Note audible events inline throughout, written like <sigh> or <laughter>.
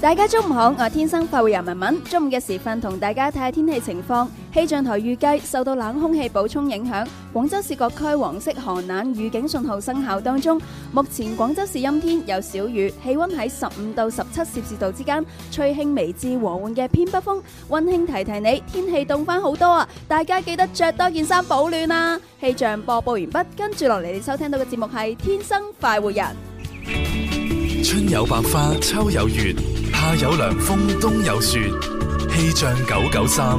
大家中午好，我係天生快活人文文。中午嘅時分，同大家睇下天氣情況。氣象台預計受到冷空氣補充影響，廣州市各區黃色寒冷預警信號生效當中。目前廣州市陰天有小雨，氣溫喺十五到十七攝氏度之間，吹輕微至和緩嘅偏北風。溫馨提提你，天氣凍翻好多啊！大家記得着多件衫保暖啊！氣象播報完畢，跟住落嚟，你收聽到嘅節目係天生快活人。春有百花，秋有月，夏有涼風，冬有雪。氣象九九三，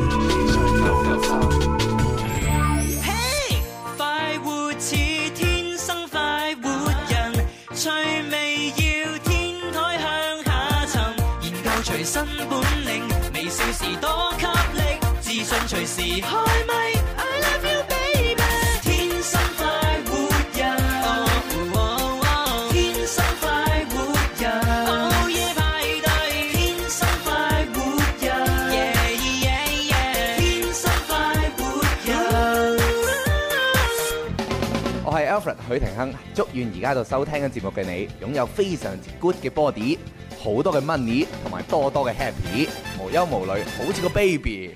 嘿！Hey! Hey! 快活似天生快活人，趣味要天台向下沉，研究隨身本領，微笑時多給力，自信隨時開咪。許廷鏗祝願而家喺度收聽緊節目嘅你，擁有非常之 good 嘅 body，好多嘅 money，同埋多多嘅 happy，無憂無慮，好似個 baby。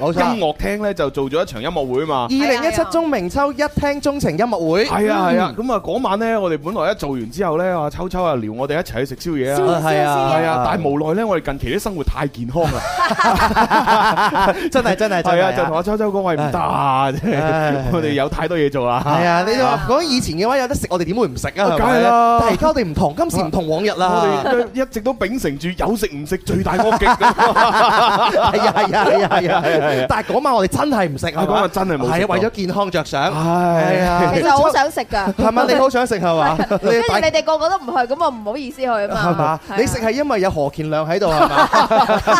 音樂廳咧就做咗一場音樂會啊嘛，二零一七鍾明秋一聽鍾情音樂會係啊係啊，咁啊嗰晚咧我哋本來一做完之後咧，阿秋秋啊撩我哋一齊去食宵夜啊，係啊係啊，但係無奈咧我哋近期啲生活太健康啦，真係真係，就同阿秋秋講喂，唔得，我哋有太多嘢做啦，係啊，你就話講以前嘅話有得食我哋點會唔食啊，梗係啦，但係而家我哋唔同，今時唔同往日啦，我哋一直都秉承住有食唔食最大方極嘅，係啊係啊係啊係啊。但係嗰晚我哋真係唔食啊！嗰晚真係冇，係啊，為咗健康着想。係啊，其實好想食㗎。係咪？你好想食係嘛？跟住你哋個個都唔去，咁我唔好意思去啊嘛。你食係因為有何健亮喺度係嘛？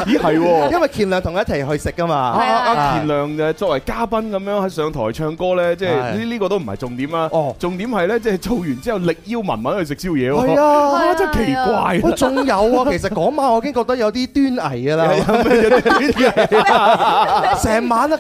咦係，因為健亮同佢一齊去食㗎嘛？係啊，阿健亮嘅作為嘉賓咁樣喺上台唱歌咧，即係呢呢個都唔係重點啊。哦，重點係咧，即係做完之後力邀文文去食宵夜咯。係啊，真係奇怪。仲有啊，其實嗰晚我已經覺得有啲端倪㗎啦。有啲端成晚紋紋聊聊啊，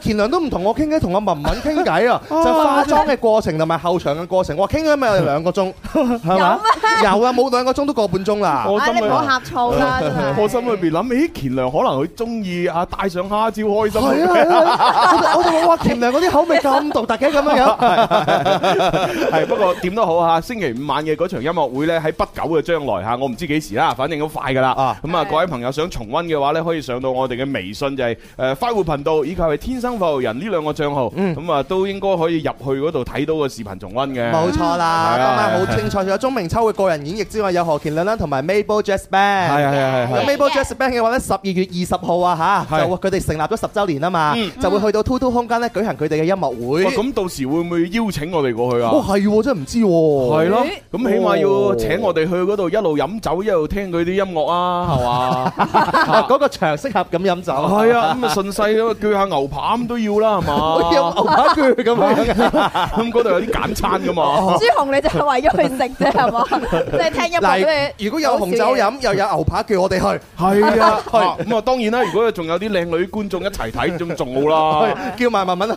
乾良都唔同我傾偈，同阿文文傾偈啊，就化妝嘅過程同埋後場嘅過程，我傾咗咪有兩個鐘，係嘛？有啊，冇兩個鐘都個半鐘啦。啊，你唔好呷醋啦。我心裏邊諗，起、欸、乾良可能佢中意啊，帶上蝦椒開心我我話乾良嗰啲口味咁獨特嘅咁樣樣。係 <laughs> 不過點都好嚇，星期五晚嘅嗰場音樂會咧，喺不久嘅將來嚇，我唔知幾時啦，反正好快噶啦。咁對啊，對各位朋友想重温嘅話咧，可以上到我哋嘅微信就係、是、誒、uh, 快活頻到，以及係天生快活人呢兩個帳號，咁啊都應該可以入去嗰度睇到個視頻重温嘅。冇錯啦，今晚好精彩。除咗鐘明秋嘅個人演繹之外，有何鍵亮啦，同埋 Mabel Jazz Band。係係係。咁 Mabel Jazz Band 嘅話咧，十二月二十號啊吓，就佢哋成立咗十週年啊嘛，就會去到 TOTO 空間咧舉行佢哋嘅音樂會。咁到時會唔會邀請我哋過去啊？哇，係真係唔知喎。係咯，咁起碼要請我哋去嗰度一路飲酒一路聽佢啲音樂啊，係嘛？嗰個場適合咁飲酒。係啊，咁啊順勢。叫下牛扒咁都要啦，係嘛？啊鋸咁樣，咁嗰度有啲簡餐噶嘛？朱紅，你就係為咗去食啫，係嘛？即係聽音樂，如果有紅酒飲，又有牛扒，叫我哋去。係啊，咁啊，當然啦，如果仲有啲靚女觀眾一齊睇，咁仲好啦，叫埋慢慢去。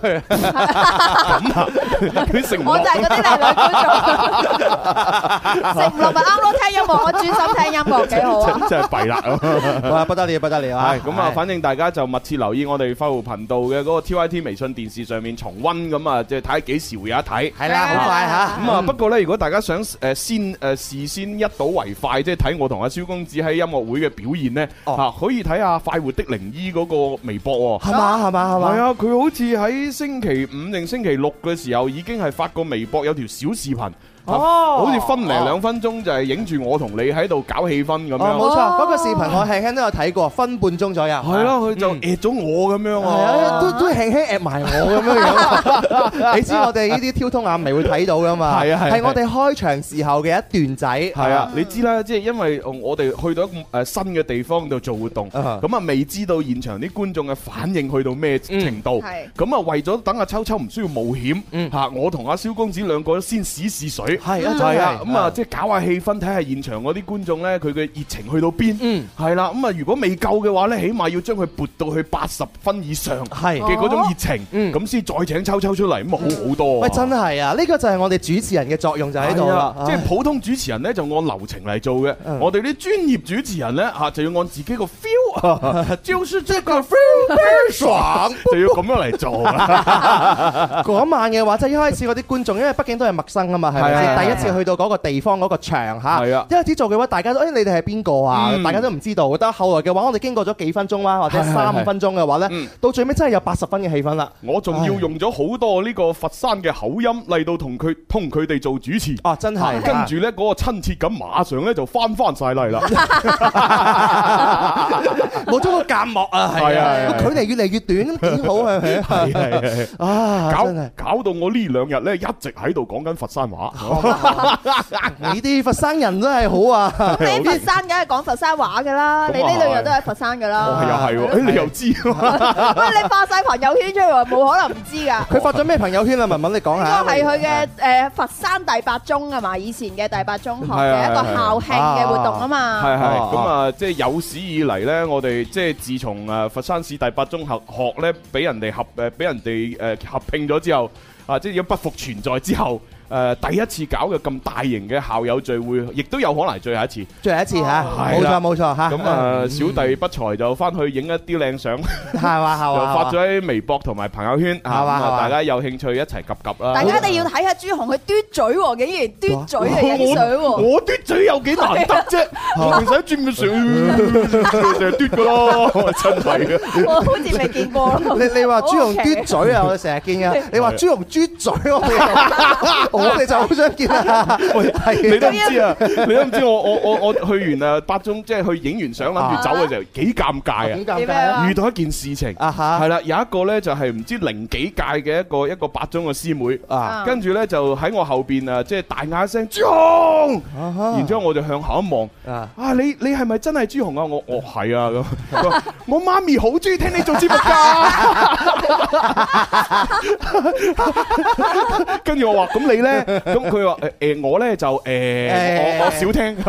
佢食，我就係嗰啲靚女觀眾，唔落咪啱咯，聽音樂我專心聽音樂幾好，真係弊啦，哇不得了不得了吓！咁啊，反正大家就密切留意我哋。快活頻道嘅嗰個 TIT 微信電視上面，重温咁啊，即係睇幾時會有一睇。係啦，好快嚇。咁啊、嗯嗯，不過咧，如果大家想誒、呃、先誒、呃、事先一睹為快，即係睇我同阿蕭公子喺音樂會嘅表現咧，嚇、哦啊、可以睇下快活的靈醫嗰個微博喎、哦。係嘛嗎？係嘛？係嘛？係啊！佢、 <noise> 啊、好似喺星期五定星期六嘅時候已經係發過微博，有條小視頻。哦，好似分嚟兩分鐘就係影住我同你喺度搞氣氛咁樣。冇錯，嗰個視頻我輕輕都有睇過，分半鐘左右。係咯，佢就 at 咗我咁樣喎。係啊，都都輕輕 at 埋我咁樣。你知我哋呢啲挑通眼眉會睇到㗎嘛？係啊係，係我哋開場時候嘅一段仔。係啊，你知啦，即係因為我哋去到一個誒新嘅地方度做活動，咁啊未知道現場啲觀眾嘅反應去到咩程度。係，咁啊為咗等阿秋秋唔需要冒險，嚇我同阿蕭公子兩個先試試水。係，係、嗯、啊，咁、就是、啊，即、就、係、是、搞下氣氛，睇下現場嗰啲觀眾咧，佢嘅熱情去到邊，係啦、嗯，咁啊、嗯，如果未夠嘅話咧，起碼要將佢撥到去八十分以上，係嘅嗰種熱情，咁先、哦嗯、再請抽抽出嚟，咁啊好好多，喂、欸，真係啊，呢、這個就係我哋主持人嘅作用就喺度啦，即係、啊就是、普通主持人咧就按流程嚟做嘅，嗯、我哋啲專業主持人咧吓就要按自己個 feel，just 一個 feel，爽就要咁樣嚟做。嗰 <laughs> 晚嘅話，即係一開始嗰啲觀眾，因為畢竟都係陌生是是啊嘛，係。第一次去到嗰個地方嗰、嗰個場嚇是、啊啊，一開始做嘅話，大家都誒、哎、你哋係邊個啊？嗯、大家都唔知道。覺得後來嘅話，我哋經過咗幾分鐘啦，或者三五分鐘嘅話咧，是是是到最尾真係有八十分嘅氣氛啦。我仲要用咗好多呢個佛山嘅口音嚟到同佢同佢哋做主持啊！真係跟住咧嗰個親切感，馬上咧就翻翻晒嚟啦，冇咗個隔膜啊！係啊，距離越嚟越短，點好係咪？啊，搞搞到我呢兩日咧一直喺度講緊佛山話。 <laughs> 你啲佛山人都係好啊！咁你佛山梗係講佛山話噶啦，你呢兩日都喺佛山噶啦，啊，係喎，你又知？喂，你發晒朋友圈出嚟，冇可能唔知噶佢發咗咩朋友圈啊？文文，你講下。嗰個係佢嘅誒，佛山第八中啊嘛？以前嘅第八中學嘅一個校慶嘅活動啊嘛。係係，咁啊，即係有史以嚟咧，我哋即係自從誒佛山市第八中學咧，俾人哋合誒，俾人哋誒合併咗之後，啊，即係已經不復存在之後。誒，第一次搞嘅咁大型嘅校友聚會，亦都有可能最後一次，最後一次吓。冇錯冇錯吓。咁啊，小弟不才就翻去影一啲靚相，係哇，係哇，又發咗喺微博同埋朋友圈吓，咁啊，大家有興趣一齊及及啦。大家一定要睇下朱紅佢嘟嘴，竟然嘟嘴嚟影相。我我嘟嘴有幾難得啫，唔使轉個相，成日嘟噶咯，真係嘅。好似未見過。你你話朱紅嘟嘴啊，我哋成日見噶。你話朱紅嘟嘴，我哋。 <laughs> 我哋就好想見啊 <laughs> 看！ <laughs> <laughs> 你都唔知啊，你都唔知我我我我去完啊八中，即係去影完相諗住走嘅時候幾尷尬啊！幾尷尬啊！尬啊遇到一件事情啊嚇，係啦，有一個咧就係唔知零幾屆嘅一個一個八中嘅師妹啊，跟住咧就喺我後邊啊，即係大嗌聲朱紅，然之後我就向後一望啊，啊，你你係咪真係朱紅啊？我我係啊咁，我媽咪好中意聽你做節目㗎，跟住我話咁你咧？咁佢話，誒誒我咧就誒我我少聽，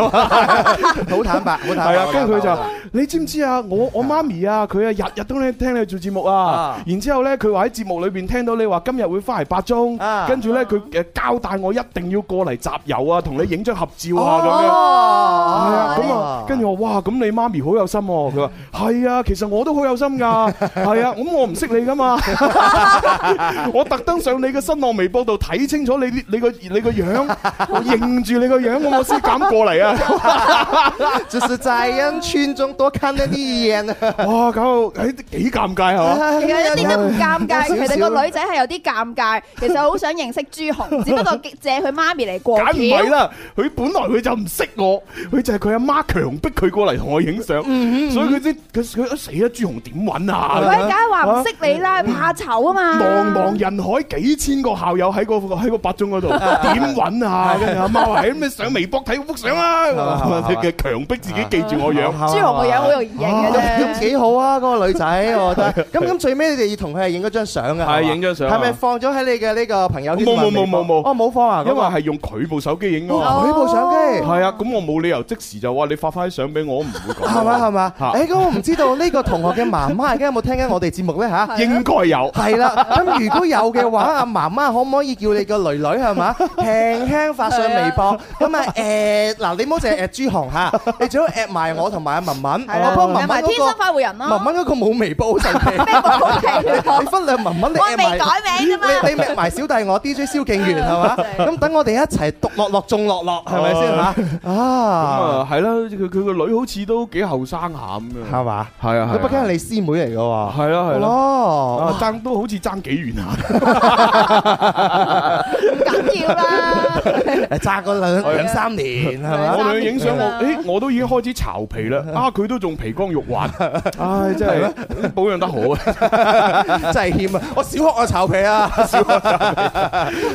好坦白係啊，跟住佢就你知唔知啊？我我媽咪啊，佢啊日日都咧聽你做節目啊。然之後咧，佢話喺節目裏邊聽到你話今日會翻嚟八中，跟住咧佢誒交代我一定要過嚟集郵啊，同你影張合照啊咁樣。係啊，咁啊，跟住我話哇，咁你媽咪好有心喎。佢話係啊，其實我都好有心㗎，係啊。咁我唔識你㗎嘛，我特登上你嘅新浪微博度睇清楚你啲。你個你個樣，我認住你個樣，我先敢過嚟啊！就係在恩村中多坑一啲嘢啊！哇，搞到誒、哎、幾尷尬嚇，啊尬哎、其實一啲都唔尷尬。其實個女仔係有啲尷尬，其實好想認識朱紅， <laughs> 只不過借佢媽咪嚟過橋。梗唔係啦，佢本來佢就唔識我，佢就係佢阿媽強逼佢過嚟同我影相，嗯、所以佢先佢佢死啦！朱紅點揾啊？佢梗係話唔識你啦，啊、你怕醜啊嘛！茫茫人海幾千個校友喺個喺個八中。點搵啊？阿媽話，喺咩上微博睇幅相啦？佢嘅強逼自己記住我樣。朱紅嘅樣好容易影嘅啫。幾好啊，嗰個女仔，我覺得。咁咁最尾，你哋要同佢影嗰張相嘅。係影張相。係咪放咗喺你嘅呢個朋友圈度？冇冇冇冇冇。我冇放啊。因為係用佢部手機影啊嘛。佢部相機。係啊，咁我冇理由即時就話你發翻啲相俾我，唔會講。係嘛係嘛。誒，咁我唔知道呢個同學嘅媽媽而家有冇聽緊我哋節目咧吓？應該有。係啦。咁如果有嘅話，阿媽媽可唔可以叫你個囡囡？係嘛，輕輕發上微博咁啊，誒嗱，你唔好淨係@朱紅嚇，你最好@埋我同埋阿文文，我幫文文嗰個天生快活人。文文嗰個冇微博，好神奇。你忽略文文你誒埋小弟我 DJ 蕭敬源，係嘛？咁等我哋一齊獨樂樂，眾樂樂係咪先嚇？啊咁啊，係咯，佢佢個女好似都幾後生下咁嘅，係嘛？係啊，北京係你師妹嚟㗎喎，係咯係咯，爭都好似爭幾遠啊！緊要啦，揸個兩三年係嘛？我哋去影相，我誒我都已經開始巢皮啦，啊佢都仲皮光肉滑，唉真係保養得好啊，真係欠啊！我小學啊巢皮啊，小學。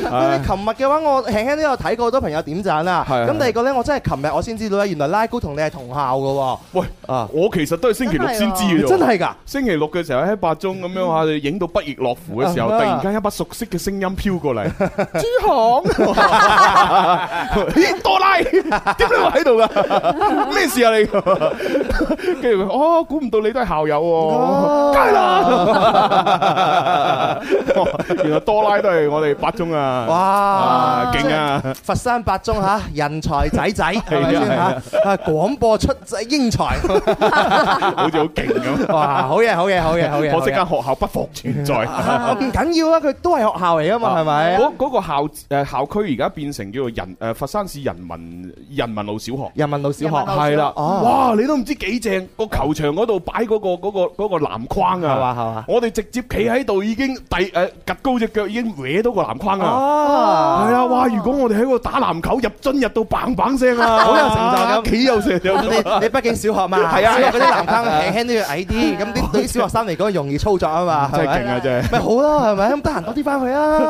咁你琴日嘅話，我輕輕都有睇過好多朋友點讚啦。咁第二個咧，我真係琴日我先知道咧，原來拉姑同你係同校噶。喂啊，我其實都係星期六先知嘅，真係噶星期六嘅時候喺八中咁樣啊，影到不亦樂乎嘅時候，突然間一把熟悉嘅聲音飄過嚟，講 <laughs> 咦多拉點解會喺度噶咩事啊你？跟住哦，估唔到你都係校友，啊、哦，梗係啦。原來多拉都係我哋八中啊！哇，勁啊！佛山八中吓，人才仔仔係 <laughs> 啊，先吓？廣播出英才， <laughs> <laughs> 好似好勁咁。哇，好嘢，好嘢，好嘢，好嘢！可惜間學校不復存在 <laughs> 我，唔緊要啦，佢都係學校嚟噶嘛，係咪，啊？嗰嗰個校。誒，校區而家變成叫做人誒，佛山市人民人民路小學。人民路小學係啦，哇，你都唔知幾正，個球場嗰度擺嗰個嗰個嗰個籃框啊！係嘛係嘛，我哋直接企喺度已經第誒趌高隻腳已經歪到個籃框啊！哦，係啊，哇！如果我哋喺嗰度打籃球，入樽入到棒棒聲啊！好有成就㗎，幾有成就。你你北京小學嘛？係啊，小學嗰啲籃框輕輕啲又矮啲，咁對啲小學生嚟講容易操作啊嘛。真係勁啊！真係。咪好咯，係咪咁得閒多啲翻去啊？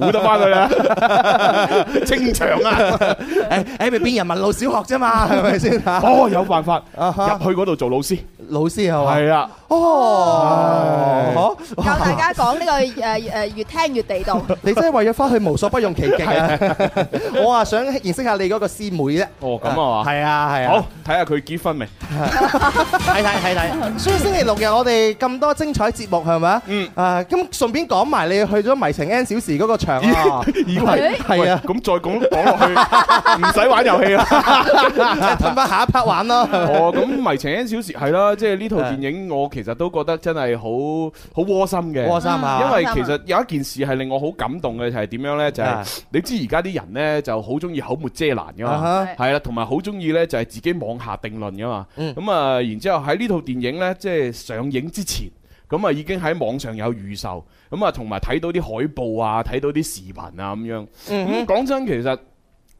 冇得翻去啦。 <laughs> 清場啊、 <laughs> 欸，誒、欸、誒，咪變人民路小學啫嘛，係咪先吓？ <laughs> 哦，有辦法入去嗰度做老師。老師係嘛？係啊，哦，教大家講呢個誒誒，越聽越地道。你真係為咗翻去無所不用其極啊！我啊想認識下你嗰個師妹啫。哦，咁啊嘛。係啊，係啊。好，睇下佢結婚未？睇睇睇睇。所以星期六日我哋咁多精彩節目係咪啊？嗯。啊，咁順便講埋你去咗迷情 N 小時嗰個場啊！已經係係啊。咁再講講落去，唔使玩遊戲啦，等翻下一 part 玩咯。哦，咁迷情 N 小時係啦。即係呢套電影，我其實都覺得真係好好窩心嘅，窩心、嗯、因為其實有一件事係令我好感動嘅，就係、是、點樣呢？就係、是嗯、你知而家啲人呢，就好中意口沒遮攔嘅嘛，係啦、啊哈，同埋好中意呢，就係、是、自己妄下定論嘅嘛。咁啊、嗯，然之後喺呢套電影呢，即係上映之前，咁啊已經喺網上有預售，咁啊同埋睇到啲海報啊，睇到啲視頻啊咁樣。咁講、嗯、哼真，其實。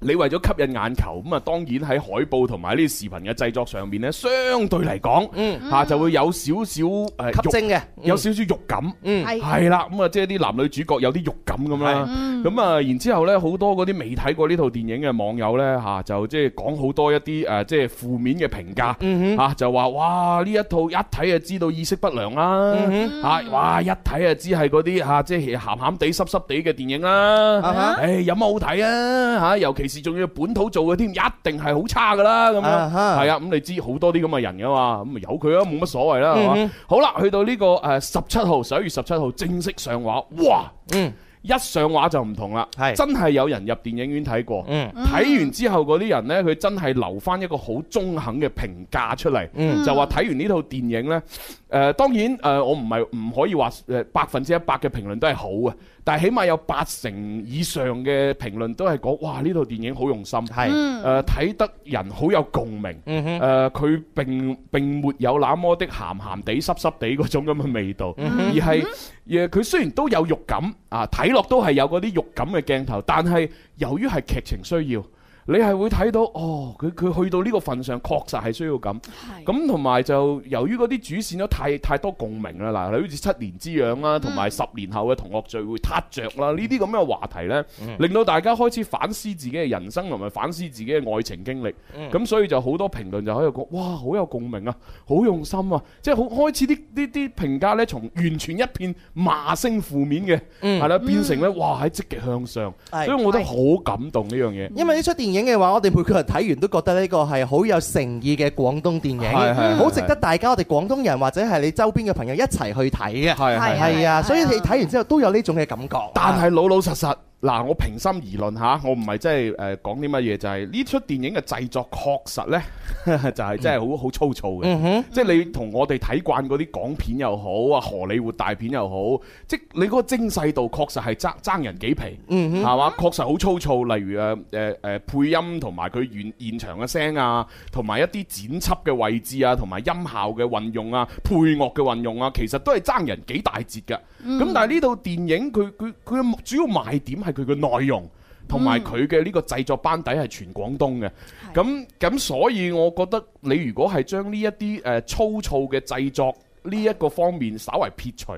你為咗吸引眼球，咁啊當然喺海報同埋呢啲視頻嘅製作上面呢，相對嚟講，嚇就會有少少誒吸睛嘅，有少少肉感，係係啦，咁啊即係啲男女主角有啲肉感咁啦。咁啊然之後呢，好多嗰啲未睇過呢套電影嘅網友呢，嚇，就即係講好多一啲誒即係負面嘅評價，嚇就話哇呢一套一睇就知道意識不良啦，嚇哇一睇就知係嗰啲嚇即係鹹鹹地濕濕地嘅電影啦，有乜好睇啊嚇尤其。事仲要本土做嘅添，一定係好差㗎啦。咁樣係、uh, 啊，咁、嗯、你知好多啲咁嘅人㗎嘛，咁咪由佢咯，冇乜所謂啦，係嘛、uh huh.？好啦，去到呢、這個誒十七號十一月十七號正式上畫，哇！嗯、uh，huh. 一上畫就唔同啦，係、uh huh. 真係有人入電影院睇過，嗯、uh，睇、huh. 完之後嗰啲人呢，佢真係留翻一個好中肯嘅評價出嚟，uh huh. 就話睇完呢套電影呢，誒、呃、當然誒、呃、我唔係唔可以話誒百分之一百嘅評論都係好啊。但係起碼有八成以上嘅評論都係講，哇！呢套電影好用心，係誒睇得人好有共鳴，誒佢並並沒有那麼的鹹鹹地、濕濕地嗰種咁嘅味道，而係誒佢雖然都有肉感，啊睇落都係有嗰啲肉感嘅鏡頭，但係由於係劇情需要。你係會睇到哦，佢佢去到呢個份上，確實係需要咁。係咁，同埋就由於嗰啲主線都太太多共鳴啦，嗱，例如好似七年之癢啦，同埋十年後嘅同學聚會撻着啦，呢啲咁嘅話題呢，令到大家開始反思自己嘅人生同埋反思自己嘅愛情經歷。嗯。咁所以就好多評論就喺度講，哇，好有共鳴啊，好用心啊，即係好開始啲啲啲評價呢，從完全一片罵聲負面嘅，嗯，係啦，變成咧哇喺積極向上，所以我覺得好感動呢樣嘢。因為呢出電影嘅話，我哋每個人睇完都覺得呢個係好有誠意嘅廣東電影，好值得大家我哋廣東人或者係你周邊嘅朋友一齊去睇嘅。係啊，是是是是，所以你睇完之後都有呢種嘅感覺，但係老老實實。嗱，我平心而論吓、啊，我唔係即係誒講啲乜嘢？就係、是、呢出電影嘅製作確實咧， <laughs> 就係真係好好、嗯、粗糙嘅。嗯、即係你同我哋睇慣啲港片又好啊，荷里活大片又好，即係你個精細度確實係爭爭人幾皮，係嘛，嗯？確實好粗糙，例如誒誒誒配音同埋佢現現場嘅聲啊，同埋一啲剪輯嘅位置啊，同埋音效嘅運用啊，配樂嘅運用啊，其實都係爭人幾大截嘅。咁、嗯嗯、但係呢套電影佢佢佢主要賣點係。佢嘅內容同埋佢嘅呢個製作班底係全廣東嘅，咁咁、嗯、所以我覺得你如果係將呢一啲誒粗糙嘅製作呢一個方面稍為撇除，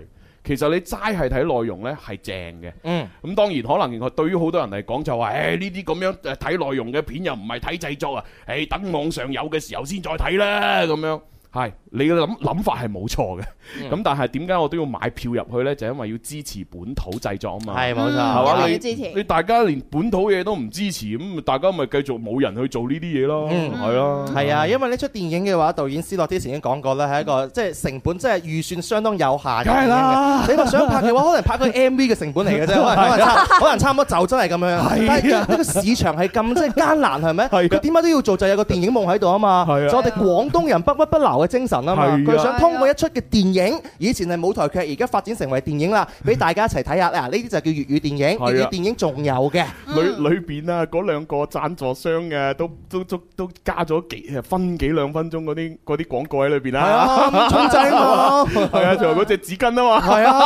其實你齋係睇內容呢係正嘅。嗯，咁當然可能對於好多人嚟講就話，誒呢啲咁樣睇內容嘅片又唔係睇製作啊，誒、欸、等網上有嘅時候先再睇啦咁樣。係，你嘅諗諗法係冇錯嘅，咁但係點解我都要買票入去咧？就因為要支持本土製作啊嘛。係冇錯，你大家連本土嘢都唔支持，咁大家咪繼續冇人去做呢啲嘢咯，係咯。係啊，因為呢出電影嘅話，導演施樂之前已經講過咧，係一個即係成本，真係預算相當有限嘅電影。你話想拍嘅話，可能拍個 MV 嘅成本嚟嘅啫，可能可能差唔多就真係咁樣。係啊，呢個市場係咁即係艱難係咩？佢點解都要做？就有個電影夢喺度啊嘛。我哋廣東人不屈不撓。精神啊嘛，佢想通過一出嘅電影，以前係舞台劇，而家發展成為電影啦，俾大家一齊睇下啊！呢啲就叫粵語電影，粵語電影仲有嘅，裏裏邊啊，嗰兩個贊助商嘅都都都加咗幾分幾兩分鐘嗰啲嗰啲廣告喺裏邊啦，充啊嘛，係啊，仲有嗰隻紙巾啊嘛，係啊，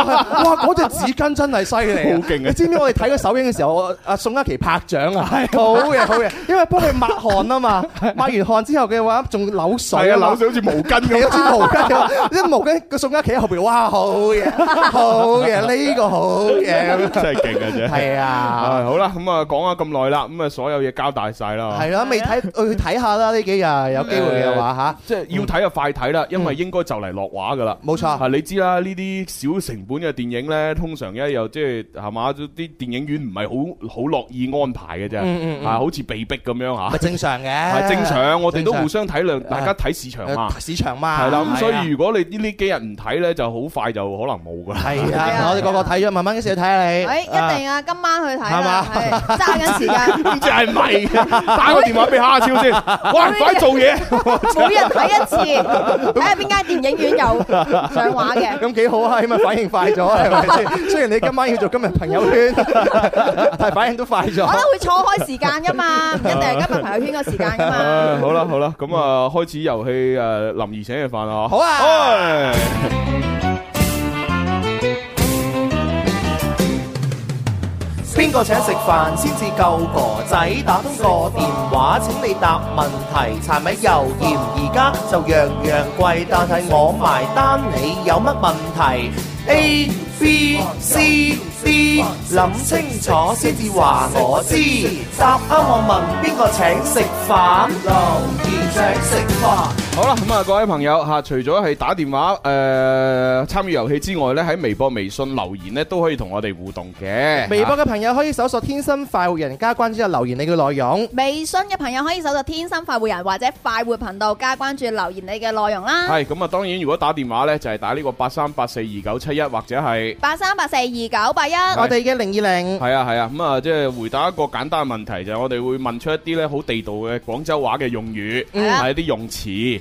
哇！嗰隻紙巾真係犀利，好勁啊！你知唔知我哋睇個首映嘅時候，阿宋嘉琪拍掌啊，係好嘅，好嘅，因為幫佢抹汗啊嘛，抹完汗之後嘅話仲扭水，啊，扭水好似冇。跟咁多毛巾啊！啲毛巾個宋家企喺後邊，哇，好嘢，好嘢，呢個好嘢，真係勁啊！真係啊！好啦，咁啊，講咗咁耐啦，咁啊，所有嘢交代晒啦，係啦，未睇，去睇下啦，呢幾日有機會嘅話吓，即係要睇就快睇啦，因為應該就嚟落畫噶啦，冇錯啊！你知啦，呢啲小成本嘅電影咧，通常咧又即係係嘛，啲電影院唔係好好樂意安排嘅啫，啊，好似被逼咁樣吓，正常嘅，係正常，我哋都互相體諒，大家睇市場嘛，場嘛，係啦。咁所以如果你呢呢幾日唔睇咧，就好快就可能冇㗎啦。係啊，我哋個個睇咗，慢慢先去睇下你。誒，一定啊！今晚去睇，係嘛？揸緊時間。唔知係咪，打個電話俾蝦超先。快做嘢！每人睇一次，睇下邊間電影院有上畫嘅。咁幾好啊嘛，反應快咗係咪先？雖然你今晚要做今日朋友圈，但係反應都快咗。可能會錯開時間㗎嘛，唔一定係今日朋友圈個時間㗎嘛。好啦好啦，咁啊開始遊戲誒。林兒請食飯啊，好啊！邊個請食飯先至夠？個仔打通個電話，請你答問題。柴米油鹽而家就樣樣貴，但係我埋單。你有乜問題？A B C D，諗清楚先至話我知。答啱我問，邊個請食飯？林兒請食飯。好啦，咁啊各位朋友吓，除咗係打電話誒參與遊戲之外咧，喺微博、微信留言咧都可以同我哋互動嘅。微博嘅朋友可以搜索《天生快活人》加關注，留言你嘅內容。微信嘅朋友可以搜索天生快活人或者快活頻道加關注，留言你嘅內容啦。係咁啊，當然如果打電話咧，就係打呢個八三八四二九七一或者係八三八四二九八一。我哋嘅零二零。係啊係啊，咁啊即係回答一個簡單嘅問題，就係我哋會問出一啲咧好地道嘅廣州話嘅用語，同埋一啲用詞。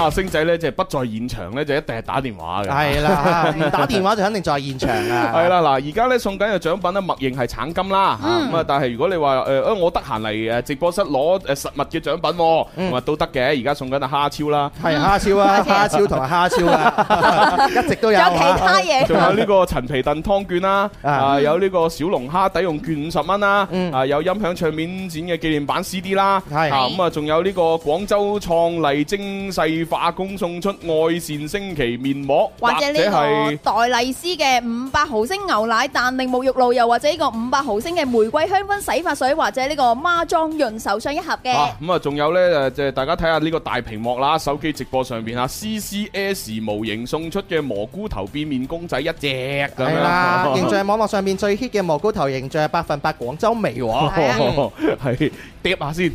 阿、啊、星仔咧，即係不在現場咧，就一定係打電話嘅。係啦，唔、啊、打電話就肯定在現場啊。係啦，嗱，而家咧送緊嘅獎品咧，默認係橙金啦。咁、嗯、啊，但係如果你話誒、呃，我得閒嚟誒直播室攞誒實物嘅獎品，啊，咁啊、嗯、都得嘅。而家送緊係蝦超啦，係蝦超啊，蝦超同埋蝦超啊，超超啊 <laughs> 一直都有，啊。有其他嘢，啊。仲有呢個陳皮燉湯券啦，啊，嗯、啊有呢個小龍蝦抵用券五十蚊啦，嗯、啊有音響唱片展嘅紀念版 CD 啦，啊啊，啊咁啊仲有呢個廣州創麗精細化工送出愛善星期面膜，或者呢個黛麗絲嘅五百毫升牛奶彈力沐浴露，又或者呢個五百毫升嘅玫瑰香氛洗髮水，或者呢個孖裝潤手霜一盒嘅。咁啊，仲有咧，即係大家睇下呢個大屏幕啦，手機直播上邊啊，CCS 模型送出嘅蘑菇頭變面公仔一隻。係啦，形象係網絡上邊最 hit 嘅蘑菇頭形象，係百分百廣州味喎，係掂下先。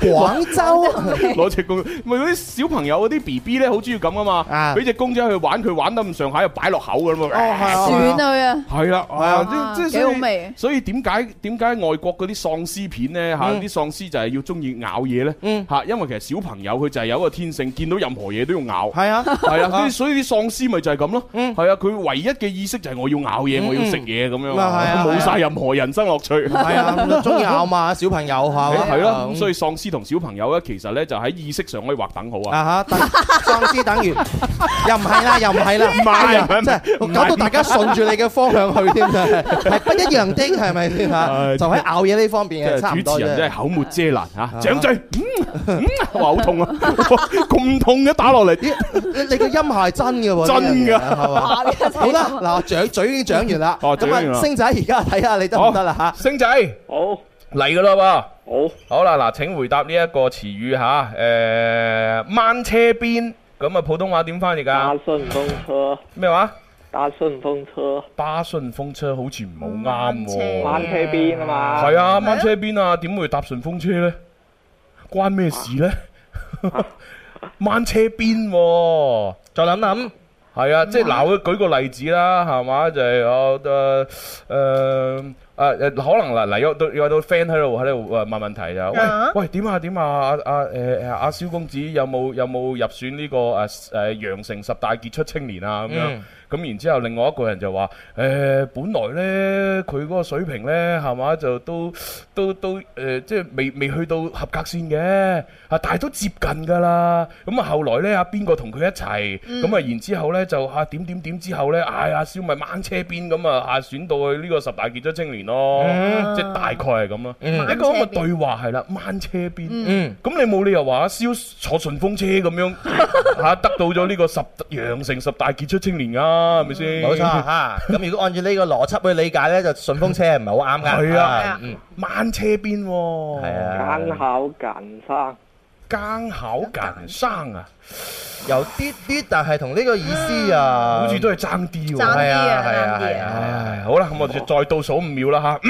廣州攞隻公，唔係嗰啲小。小朋友嗰啲 B B 咧，好中意咁啊嘛，俾隻公仔去玩，佢玩得咁上下又擺落口噶啦嘛，損佢啊！係啦，係啊，即係所以，所以點解點解外國嗰啲喪屍片咧吓？啲喪屍就係要中意咬嘢咧，吓，因為其實小朋友佢就係有一個天性，見到任何嘢都要咬，係啊，係啊，所以啲喪屍咪就係咁咯，係啊，佢唯一嘅意識就係我要咬嘢，我要食嘢咁樣，冇晒任何人生樂趣，係啊，中意咬嘛，小朋友吓，係咯，所以喪屍同小朋友咧，其實咧就喺意識上可以劃等號啊。啊哈！壯士等於又唔係啦，又唔係啦，唔係，真係搞到大家順住你嘅方向去添，係係不一樣的，係咪先嚇？就喺咬嘢呢方面嘅差唔多。主持人真係口沫遮難嚇，掌嘴，嗯嗯，話好痛啊，咁痛嘅打落嚟，你你個音效係真嘅喎，真嘅係嘛？好啦，嗱，掌嘴已經掌完啦，哦，掌完啦。星仔而家睇下你得唔得啦嚇？星仔，好嚟嘅啦喎。Oh. 好，好啦，嗱，請回答呢一個詞語吓，誒、啊，掹、呃、車邊咁啊，普通話點翻譯噶、啊？搭順風車咩話？搭順風車？搭、啊、順，順風車好似唔好啱喎。掹車邊啊嘛，係啊，掹車邊啊，點、啊啊、會搭順風車呢？關咩事呢？掹、啊、 <laughs> 車邊，就諗諗，係啊，即係嗱、啊，我舉個例子啦，係嘛就誒、是。啊呃呃呃呃誒誒，uh, 可能啦，嗱，有到有到 friend 喺度喺度問問題 Yeah. 啊！喂喂，點啊點啊！阿阿誒阿蕭公子有冇有冇入選呢個誒誒羊城十大傑出青年啊咁、mm. 樣？咁然之後另外一個人就話誒、呃、本來咧，佢個水平咧，係嘛，就都都都誒、呃、即係未未去到合格線嘅，啊，但係都接近噶啦。咁、嗯、啊，後來咧，阿邊個同佢一齊咁啊，然之後咧就嚇點點點之後咧，嗌阿蕭咪掹車邊咁啊，選到去呢個十大傑出青年咯，嗯、即係大概係咁咯。一個咁嘅對話係啦，掹車邊，掹車邊，嗯咁、嗯、你冇理由話阿蕭坐順風車咁樣吓， <laughs> 得到咗呢個十羊城十大傑出青年啊。係咪先？冇錯吓，咁如果按照呢個邏輯去理解咧，就順風車唔係好啱噶。係啊，掹車邊？係啊，剛好趕生，剛好趕生啊，有啲啲，但係同呢個意思啊，好似都係爭啲喎，係啊，係啊，係啊，好啦，咁我哋就再倒數五秒啦吓。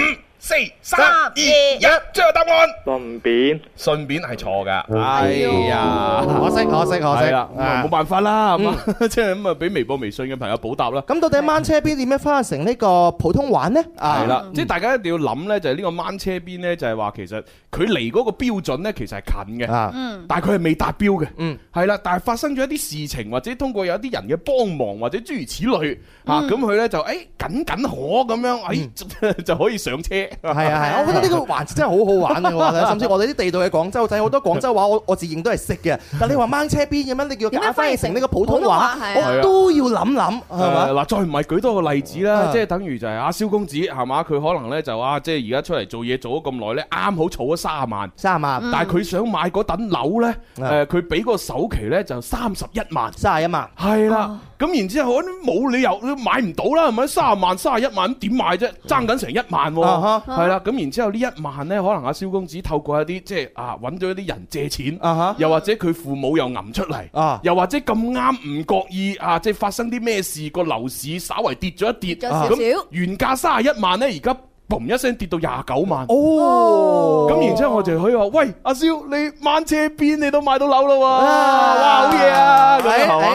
四、三、二、一，最後答案。順便，順便係錯㗎。哎呀，可惜可惜可惜啦，冇辦法啦，即係咁啊！俾微博、微信嘅朋友補答啦。咁到底掹車邊點樣翻成呢個普通話呢？係啦，即係大家一定要諗呢，就係呢個掹車邊呢，就係話其實佢離嗰個標準呢，其實係近嘅。嗯，但係佢係未達標嘅。嗯，係啦，但係發生咗一啲事情，或者通過有一啲人嘅幫忙，或者諸如此類吓，咁佢呢就誒僅僅可咁樣，誒就可以上車。係啊係啊，我覺得呢個環節真係好好玩嘅，甚至我哋啲地道嘅廣州仔好多廣州話，我我自認都係識嘅。但你話掹車邊咁樣，你叫我翻譯成呢個普通話，我都要諗諗係嘛？嗱，再唔係舉多個例子啦，即係等於就係阿蕭公子係嘛？佢可能呢就啊，即係而家出嚟做嘢做咗咁耐呢，啱好儲咗三啊萬，三啊萬，但係佢想買嗰棟樓呢，誒佢俾個首期呢，就三十一萬，三十一萬，係啦。咁然之後，我冇理由你買唔到啦，係咪？三十萬、三十一萬點買啫？爭緊成一萬喎，係、啊、啦。咁然之後呢一萬呢，可能阿蕭公子透過一啲即係啊揾咗一啲人借錢，啊、哈又或者佢父母又揞出嚟，啊、哈又或者咁啱唔覺意啊，即係發生啲咩事個樓市稍微跌咗一跌，咁、啊、哈原價三十一萬呢，而家。同一聲跌到廿九萬哦，咁然之後我就可以話：喂，阿蕭，你掹車邊你都買到樓啦喎！哇，好嘢啊！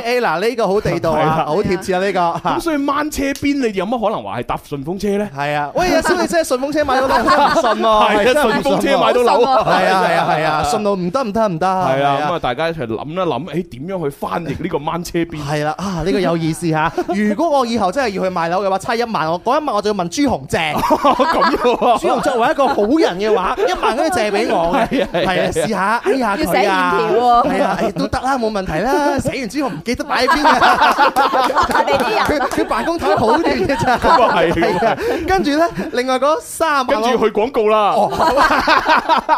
誒嗱呢個好地道好貼切啊呢個。咁所以掹車邊你有乜可能話係搭順風車咧？係啊，喂阿蕭，你真係順風車買到樓，唔順啊！係啊，順風車買到樓，係啊係啊係啊，順路唔得唔得唔得。係啊，咁啊大家一齊諗一諗，誒點樣去翻譯呢個掹車邊？係啦，啊呢個有意思嚇。如果我以後真係要去買樓嘅話，差一萬，我嗰一萬我就要問朱紅借。咁喎，主要作為一個好人嘅話，一萬可以借俾我，係啊係啊，試下，A 下佢啊，要寫欠條喎，係啊，都得啦，冇問題啦，寫完之後唔記得擺喺邊啊，大啲人，佢辦公台好亂嘅，咁啊係嘅，跟住咧，另外嗰三，跟住去廣告啦。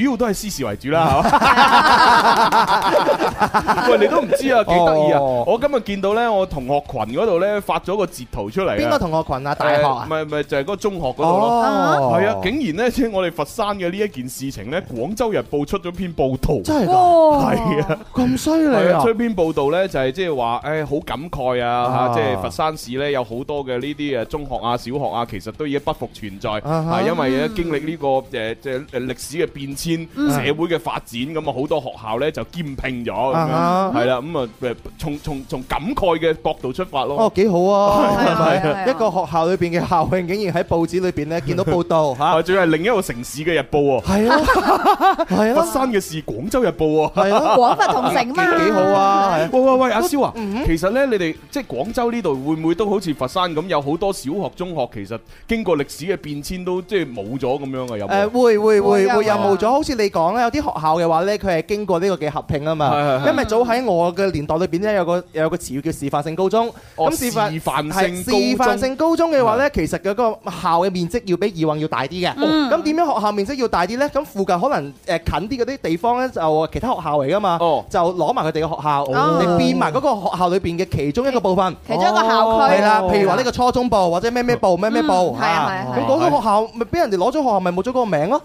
主要都係私事為主啦，係嘛？喂，你都唔知啊，幾得意啊！哦、我今日見到咧，我同學群嗰度咧發咗個截圖出嚟。邊個同學群啊？大學啊？唔係唔係，呃、就係嗰中學嗰度咯。係、哦、啊，竟然咧，即係我哋佛山嘅呢一件事情咧，《廣州日報》出咗篇報道。真係噶？係、哦、啊，咁犀利啊！出篇報道咧，就係即係話，誒、哎，好感慨啊！吓、哦，即係、啊就係、佛山市咧，有好多嘅呢啲誒中學啊、小學啊，其實都已經不復存在，係、啊、因為咧經歷呢、這個誒即係誒歷史嘅變遷。社會嘅發展咁啊，好多學校咧就兼併咗，係啦，咁啊，從從從感慨嘅角度出發咯。哦，幾好啊！係咪？一個學校裏邊嘅校慶，竟然喺報紙裏邊咧見到報道吓，仲係另一個城市嘅日報啊。係啊，係咯，佛山嘅事，廣州日報啊，係咯，廣佛同城啊嘛，幾好啊！喂喂喂，阿蕭啊，其實咧，你哋即係廣州呢度會唔會都好似佛山咁，有好多小學、中學，其實經過歷史嘅變遷，都即係冇咗咁樣嘅有。誒，會會會會有冇咗。好似你講咧，有啲學校嘅話咧，佢係經過呢個嘅合併啊嘛。因為早喺我嘅年代裏邊咧，有個有個詞語叫示範性高中。咁示範性高中嘅話咧，其實嗰個校嘅面積要比以往要大啲嘅。咁點樣學校面積要大啲咧？咁附近可能誒近啲嗰啲地方咧，就其他學校嚟噶嘛。就攞埋佢哋嘅學校，你變埋嗰個學校裏邊嘅其中一個部分。其中一個校區。係啦，譬如話呢個初中部或者咩咩部咩咩部。係咁，嗰個學校咪俾人哋攞咗學校，咪冇咗嗰個名咯。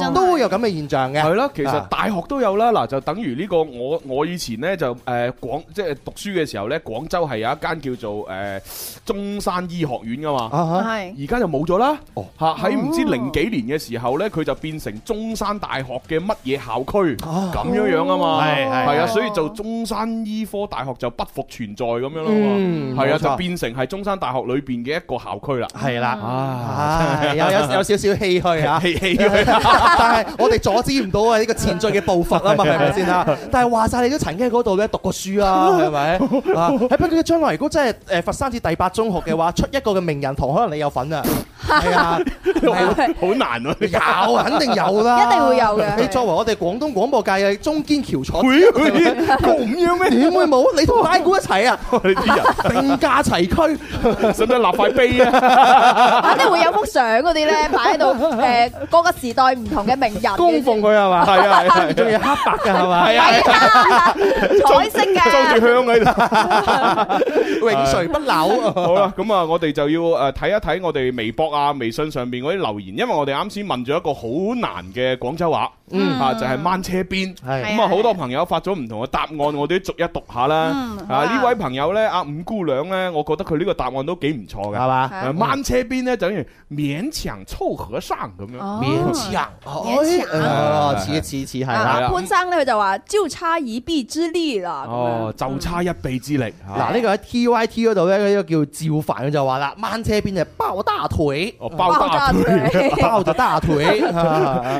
真都會有咁嘅現象嘅，係咯。其實大學都有啦。嗱，就等於呢、呢個我我以前呢，就誒廣即係讀書嘅時候呢，廣州係有一間叫做誒、呃、中山醫學院噶嘛，而家、uh huh. 就冇咗啦。哦、oh. 啊，喺唔知零幾年嘅時候呢，佢就變成中山大學嘅乜嘢校區咁、oh. 樣樣啊嘛。係係啊，所以就中山醫科大學就不復存在咁樣咯。係啊、uh huh.，就變成係中山大學裏邊嘅一個校區啦。係啦、uh，啊，有有少少唏噓啊，唏噓。 <laughs> 但係我哋阻止唔到啊呢個前進嘅步伐啊嘛，係咪先啊？ <laughs> 但係話晒你都曾經喺嗰度咧讀過書啊，係咪啊？喺不過佢將來如果真係誒佛山市第八中學嘅話，出一個嘅名人堂，可能你有份啊！ <laughs> 係啊，好難啊！有肯定有啦，一定會有嘅。你作為我哋廣東廣播界嘅中堅橋樑，會會咁樣咩？點會冇你同拉古一齊啊？定價齊驅，使唔使立塊碑啊？肯定會有幅相嗰啲咧，擺喺度誒，各個時代唔同嘅名人供奉佢係嘛？係啊，仲要黑白㗎係嘛？係啊，彩色嘅，仲要香喺度，永垂不朽。好啦，咁啊，我哋就要誒睇一睇我哋微博。啊！微信上邊嗰啲留言，因為我哋啱先問咗一個好難嘅廣州話，啊就係掹車邊，咁啊好多朋友發咗唔同嘅答案，我都要逐一讀下啦。啊呢位朋友咧，阿五姑娘咧，我覺得佢呢個答案都幾唔錯嘅，係嘛？掹車邊咧等於勉強湊合生咁樣，勉強，勉強，似似似係啦。潘生咧佢就話就差一臂之力啦，哦，就差一臂之力。嗱呢個喺 T Y T 嗰度咧，呢個叫趙凡，佢就話啦，掹車邊就係包大腿。誒，包大腿，包就搭大腿。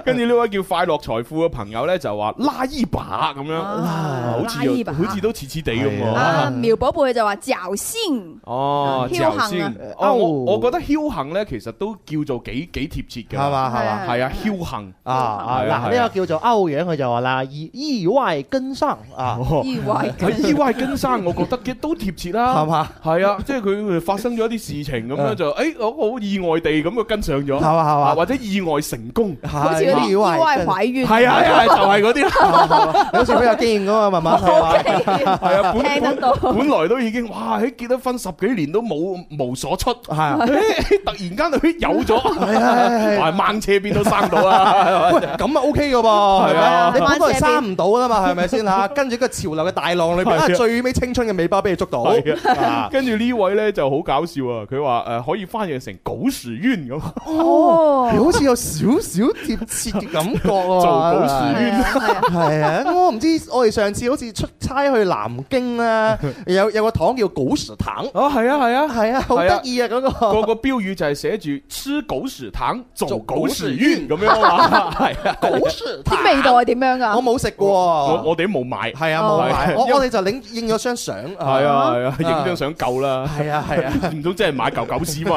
跟住呢位叫快樂財富嘅朋友咧，就話拉一把咁樣，好似好似都似似地咁。苗寶貝就話僥幸哦，僥幸。哦，我我覺得僥幸咧，其實都叫做幾幾貼切嘅，係嘛係嘛係啊，僥幸啊。係嗱，呢個叫做歐陽，佢就話啦，意意外跟生啊，意外。佢意外跟生，我覺得嘅都貼切啦，係嘛係啊，即係佢發生咗一啲事情咁樣就誒，我好意外。外地咁嘅跟上咗，係或者意外成功，好似啲意外，好，係啊係啊，就係嗰啲啦。好似比較佢又驚噶嘛，慢慢係啊，本來都已經哇，喺結咗婚十幾年都冇無所出，突然間好有咗，係啊，埋都生唔到啊，咁啊 O K 噶噃，你本來生唔到啦嘛，係咪先嚇？跟住一個潮流嘅大浪，你咪最尾青春嘅尾巴俾你捉到，跟住呢位咧就好搞笑啊！佢話誒可以翻譯成屎淵咁哦，好似有少少貼切嘅感覺啊！做屎淵係啊，我唔知我哋上次好似出差去南京啦，有有個糖叫狗薯糖哦，係啊係啊係啊，好得意啊，嗰個個個標語就係寫住黐狗薯糖，做狗薯淵咁樣啊，係啊！狗薯啲味道係點樣噶我冇食過，我我哋都冇買，係啊冇買，我我哋就影影咗張相，係啊係啊，影張相夠啦，係啊係啊，唔通真係買嚿狗屎咩？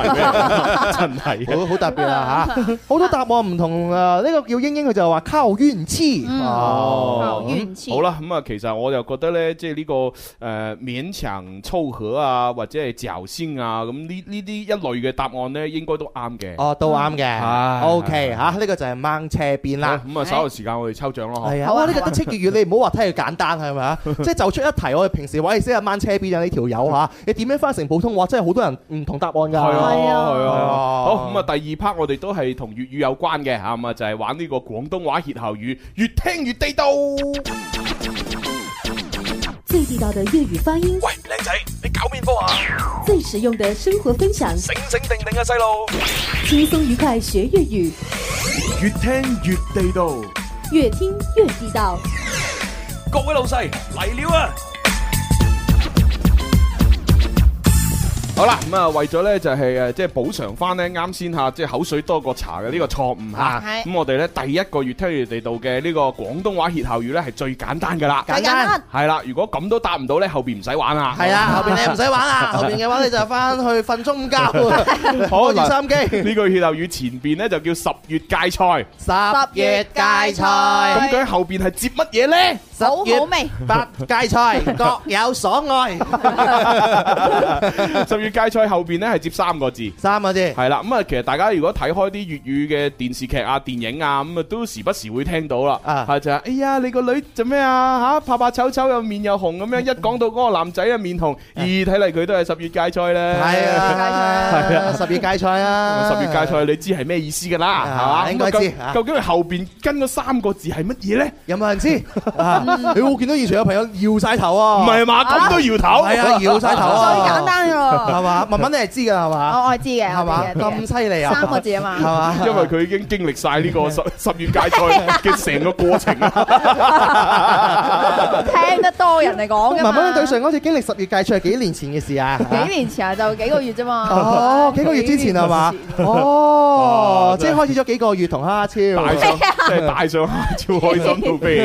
真係好好特別啊嚇！好多答案唔同啊，呢、這個叫英英，佢就話靠冤痴哦，啊嗯、靠冤痴好啦咁啊，其實我就覺得咧，即係呢、這個誒、呃、勉強粗口啊，或者係嚼先啊，咁呢呢啲一類嘅答案咧，應該都啱嘅。嗯、哦，都啱嘅。係 OK 嚇，呢個就係掹車邊啦。咁啊的，稍後時間我哋抽獎咯。係、哎、啊，呢、 <laughs> 啊這個得戚月月，你唔好話睇佢簡單係咪啊？即係 <laughs> 就，就出一題，我哋平時話你識下掹車邊啊，呢條友嚇，你點樣翻成普通話，真係好多人唔同答案㗎。係啊，係啊。好咁啊、嗯！第二 part 我哋都係同粵語有關嘅吓，咁、嗯、啊就係、是、玩呢個廣東話歇後語，越聽越地道。最地道嘅粵語發音。喂，靚仔，你搞邊科啊？最實用嘅生活分享。醒醒定定啊，細路。輕鬆愉快學粵語。越聽越地道。越聽越地道。 <laughs> 各位老細嚟了啊！好啦，咁啊，為咗咧就係誒，即係補償翻咧啱先吓，即係口水多過茶嘅呢個錯誤吓。咁我哋咧第一個月聽住地道嘅呢個廣東話歇後語咧係最簡單噶啦。簡單。係啦，如果咁都答唔到咧，後邊唔使玩啦。係啦，後邊你唔使玩啦，後邊嘅話你就翻去瞓中午覺。好，小心機。呢句歇後語前邊咧就叫十月芥菜。十月芥菜。咁佢喺後邊係接乜嘢咧？十月八芥菜，各有所愛。十月。芥菜後邊咧係接三個字，三個字係啦。咁啊，其實大家如果睇開啲粵語嘅電視劇啊、電影啊，咁啊都時不時會聽到啦。啊，係就係，哎呀，你個女做咩啊？吓，拍拍醜醜又面又紅咁樣，一講到嗰個男仔啊，面紅。二睇嚟佢都係十月芥菜咧。係啊，十月芥菜啊，十月芥菜你知係咩意思噶啦？係嘛，應該知。究竟佢後邊跟咗三個字係乜嘢咧？有冇人知？你有冇見到現場有朋友搖晒頭啊？唔係嘛，咁都搖頭。係啊，搖晒頭啊。簡單噶。係嘛？文文你係知㗎係嘛？我我知嘅係嘛？咁犀利啊！三個字啊嘛，係嘛？因為佢已經經歷晒呢個十十月芥菜嘅成個過程，聽得多人嚟講嘅嘛。文文對上嗰次經歷十月芥菜係幾年前嘅事啊？幾年前啊？就幾個月咋嘛？哦，幾個月之前係嘛？哦，即係開始咗幾個月同蝦超，即係帶上蝦超開心到飛，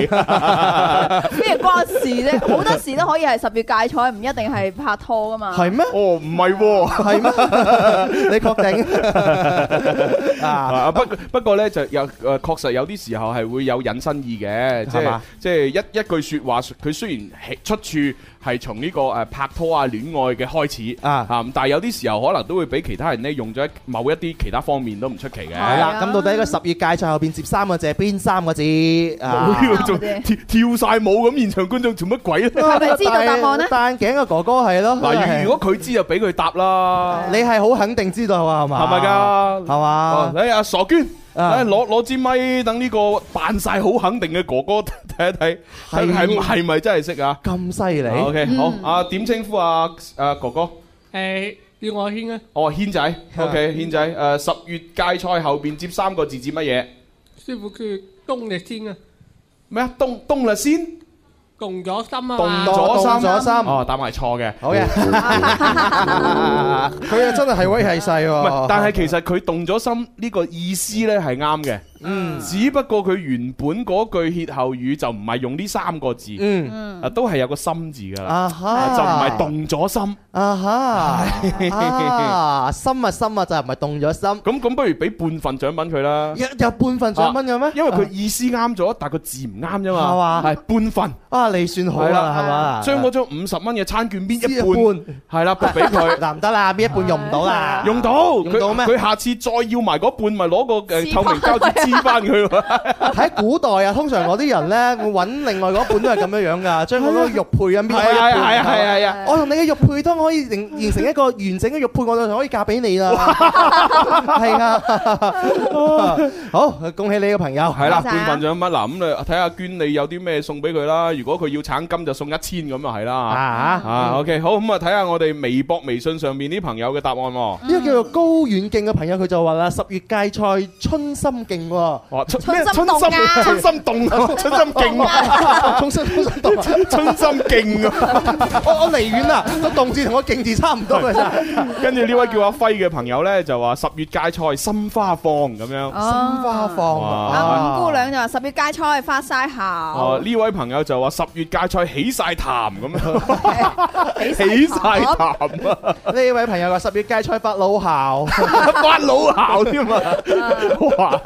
咩關事啫？好多事都可以係十月芥菜，唔一定係拍拖㗎嘛？係咩？哦，唔係。係喎，係咩？你確定啊？不不過咧，就有誒，確實有啲時候係會有引申義嘅，即係即係一一句說話，佢雖然出處係從呢個誒拍拖啊戀愛嘅開始啊，啊，但係有啲時候可能都會俾其他人咧用咗某一啲其他方面都唔出奇嘅。係啦，咁到底個十二屆賽後面接三個字係邊三個字啊？跳跳晒舞咁，現場觀眾做乜鬼咧？係咪知道答案咧？戴眼鏡嘅哥哥係咯。嗱，如果佢知就俾。佢答啦，你係好肯定知道啊，係嘛？係咪噶？係嘛，哦？你，哎，阿傻娟，嚟攞攞支咪，等呢個扮晒好肯定嘅哥哥睇一睇，係係係咪真係識啊？咁犀利？OK，好。阿點稱呼啊？阿，啊，哥哥？誒，哎，叫我軒啊。哦，軒仔。啊，OK，軒仔。誒，呃，十月芥菜後邊接三個字字乜嘢？師傅叫動了心啊。咩啊？動動了心。動咗心啊！動咗心，心哦，答案係錯嘅，好嘅。佢啊真係威係細喎， <laughs> 但係其實佢動咗心呢個意思咧係啱嘅。嗯，只不過佢原本嗰句歇後語就唔係用呢三個字，嗯，啊都係有個心字噶啦，就唔係動咗心，啊哈，啊，心啊心啊就唔係動咗心。咁咁不如俾半份獎品佢啦，有有半份獎品嘅咩？因為佢意思啱咗，但係個字唔啱啫嘛。係嘛，係半份，啊你算好啦，係嘛，將嗰張五十蚊嘅餐券，搣一半，係啦，撥俾佢，難得啦，邊一半用唔到啦？用到，用到咩？佢下次再要埋嗰半，咪攞個透明膠紙翻佢喎，喺古代啊，通常我啲人咧會揾另外嗰一本都係咁樣樣噶，將嗰個玉佩啊搣開一半，係啊係啊係啊係啊！我同你嘅玉佩都可以成形成一個完整嘅玉佩，我就可以嫁俾你啦，係啊！好，恭喜你嘅朋友，係啦，半份就咁啦，咁啊睇下娟你有啲咩送俾佢啦，如果佢要橙金就送一千咁就係啦，啊啊，OK，好咁啊睇下我哋微博、微信上面啲朋友嘅答案喎，呢個叫做高遠鏡嘅朋友佢就話啦：十月芥菜春心勁喎。哦，春心動啊，春心勁啊，春心春心勁啊！我我離遠啦，個動字同個勁字差唔多噶咋？跟住呢位叫阿輝嘅朋友咧，就話十月芥菜心花放咁樣，心花放啊！阿五姑娘就話十月芥菜花晒姣。哦，呢位朋友就話十月芥菜起晒壇咁樣，起晒壇啊！呢位朋友話十月芥菜發老姣，發老姣添啊！哇！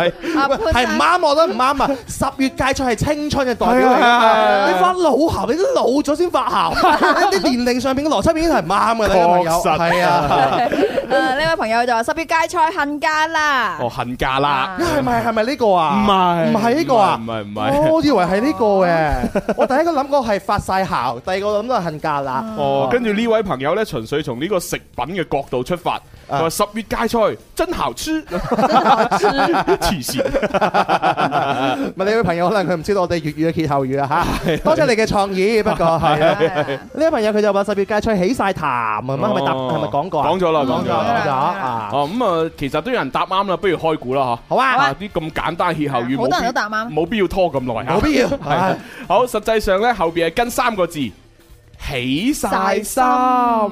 係唔啱，我都唔啱啊！十月芥菜係青春嘅代表嚟噶，你發老姣，你都老咗先發姣，啲年齡上邊嘅邏輯已經係唔啱嘅咧。朋友係啊，呢位朋友就話十月芥菜恨嫁啦，哦恨嫁啦，係咪係咪呢個啊？唔係唔係呢個啊？唔係唔係，我以為係呢個嘅，我第一個諗過係發晒姣，第二個諗到係恨嫁啦。哦，跟住呢位朋友咧，純粹從呢個食品嘅角度出發。十月芥菜真姣滋，黐線。問你位朋友可能佢唔知道我哋粵語嘅歇後語啊吓，多謝你嘅創意。不過係呢位朋友佢就話十月芥菜起晒痰啊，係咪答係咪講過？講咗啦，講咗啦。啊，哦咁啊，其實都有人答啱啦，不如開估啦嗬，好啊？啲咁簡單歇後語好多人都答啱，冇必要拖咁耐吓，冇必要。係好，實際上咧後邊係跟三個字。起晒心，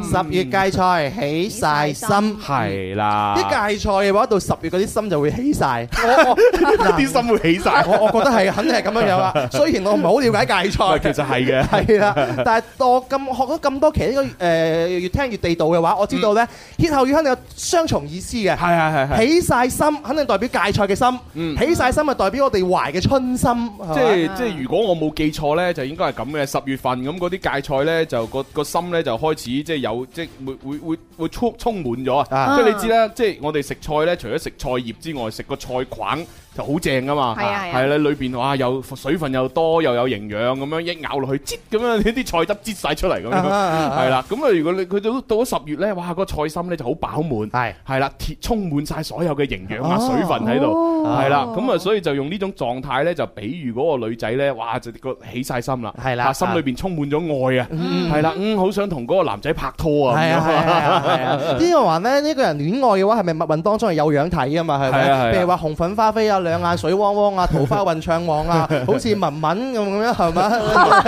十月芥菜起晒心，係啦。啲芥菜嘅話，到十月嗰啲心就會起曬，啲心會起晒，我我覺得係肯定係咁樣樣啦。雖然我唔係好了解芥菜，其實係嘅。係啦，但係讀咁學咗咁多，其實應該誒越聽越地道嘅話，我知道咧歇後語肯定有雙重意思嘅。係係係，起晒心肯定代表芥菜嘅心，起晒心咪代表我哋懷嘅春心。即係即係，如果我冇記錯咧，就應該係咁嘅。十月份咁嗰啲芥菜咧。咧就個個心咧就開始即係有即係會會會會充充滿咗啊！即係你知啦，即係我哋食菜咧，除咗食菜葉之外，食個菜框。就好正噶嘛，係啦，裏邊哇又水分又多，又有營養咁樣一咬落去，擠咁樣呢啲菜汁擠晒出嚟咁樣，係啦。咁啊，如果你佢到到咗十月咧，哇個菜心咧就好飽滿，係係啦，充滿晒所有嘅營養啊水分喺度，係啦。咁啊，所以就用呢種狀態咧，就比喻嗰個女仔咧，哇就個起晒心啦，係啦，心裏邊充滿咗愛啊，係啦，嗯好想同嗰個男仔拍拖啊，係啊，呢個話咧，呢個人戀愛嘅話係咪密運當中係有樣睇啊嘛，係咪？譬如話紅粉花飛啊。兩眼水汪汪啊，桃花運暢旺啊，好似文文咁樣係嘛？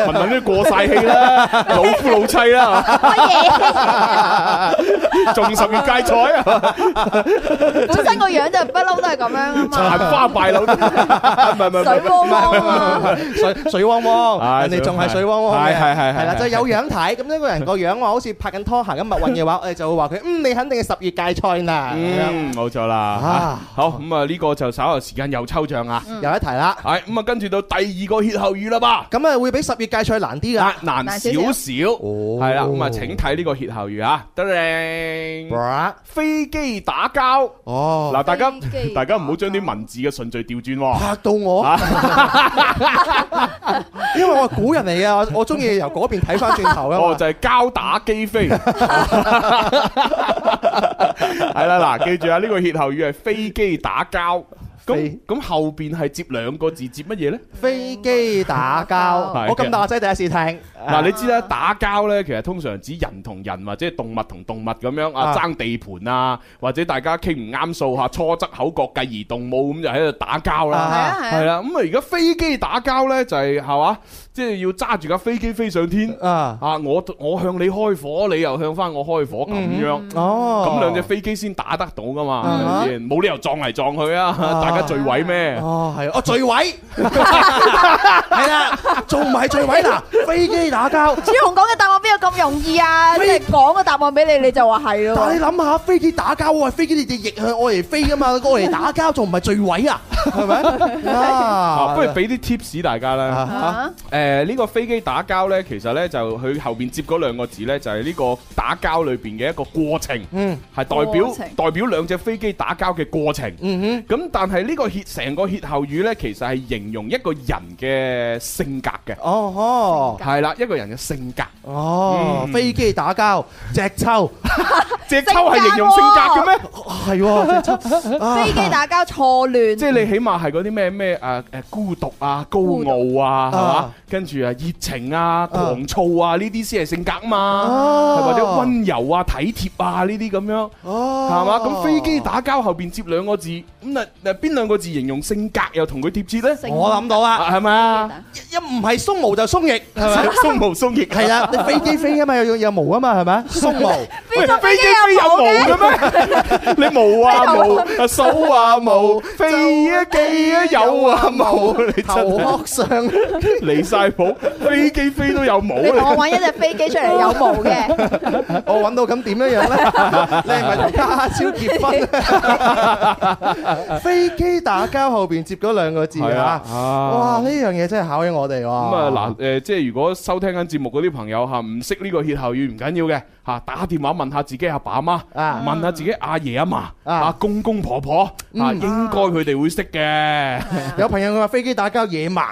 文文都過晒氣啦，老夫老妻啦，乜嘢仲十月芥菜啊！本身個樣就不嬲都係咁樣啊嘛，殘花敗柳啊！唔係水汪汪，水汪汪，人哋仲係水汪汪嘅，係係係係啦，就有樣睇咁，呢個人個樣話好似拍緊拖行緊蜜運嘅話，我哋就會話佢，嗯，你肯定係十月芥菜啦，嗯冇錯啦嚇，好，咁啊呢個就稍後間又抽象啊，又一題啦，係咁啊，跟住到第二個歇後語啦噃，咁啊，會比十月界賽難啲噶，難少少，係啦。咁啊，請睇呢個歇後語啊，得令。飛機打交哦，嗱，大家大家唔好將啲文字嘅順序調轉，吓到我，因為我係古人嚟啊，我中意由嗰邊睇翻轉頭嘅。哦，就係交打機飛，係啦，嗱，記住啊，呢個歇後語係飛機打交。咁咁後邊係接兩個字，接乜嘢呢？飛機打交， <laughs> 我咁大仔第一次聽。嗱、 <laughs> 啊，你知啦，打交呢其實通常指人同人或者動物同動物咁樣啊，爭地盤啊，或者大家傾唔啱數下初則口角繼而動武，咁就喺度打交啦。係啊係啊。係啦，咁啊，而家飛機打交呢、就係，就係係哇。即係要揸住架飛機飛上天啊！啊，我我向你開火，你又向翻我開火咁樣，咁兩隻飛機先打得到噶嘛？冇理由撞嚟撞去啊！大家聚位咩？哦，係我聚位，係啦，仲唔係聚位嗱？飛機打交，小紅講嘅答案邊有咁容易啊？講個答案俾你，你就話係咯？但你諗下飛機打交，飛機你隻逆向我嚟飛噶嘛，過嚟打交仲唔係聚位啊？係咪？不如俾啲 tips 大家啦，誒。誒，呢個飛機打交呢，其實呢就佢後邊接嗰兩個字呢，就係呢個打交裏邊嘅一個過程，嗯，係代表代表兩隻飛機打交嘅過程，嗯哼。咁但係呢個歇成個歇後語呢，其實係形容一個人嘅性格嘅，哦哦，係啦，一個人嘅性格，哦，飛機打交，隻抽，隻抽係形容性格嘅咩？係，隻抽，飛機打交錯亂，即係你起碼係嗰啲咩咩誒誒孤獨啊，高傲啊，係嘛？跟住啊，熱情啊、狂躁啊呢啲先係性格嘛，係或者溫柔啊、體貼啊呢啲咁樣，係嘛？咁飛機打交後邊接兩個字，咁啊啊邊兩個字形容性格又同佢貼切咧？我諗到啦，係咪啊？一唔係鬆毛就鬆翼，鬆毛鬆翼，係啦。飛機飛啊嘛，有有毛啊嘛，係咪？鬆毛飛機飛有毛嘅咩？你毛啊毛，嫂啊毛，飛啊，機啊有啊毛，你真上離大帽，飛機飛都有毛。我揾一隻飛機出嚟有毛嘅。我揾到咁點樣樣咧？你係咪同家超結婚？飛機打交後邊接嗰兩個字啊！哇！呢樣嘢真係考起我哋喎。咁啊嗱，誒即係如果收聽緊節目嗰啲朋友嚇唔識呢個歇後語唔緊要嘅嚇，打電話問下自己阿爸阿媽，問下自己阿爺阿嫲、阿公公婆婆嚇，應該佢哋會識嘅。有朋友佢話飛機打交野蠻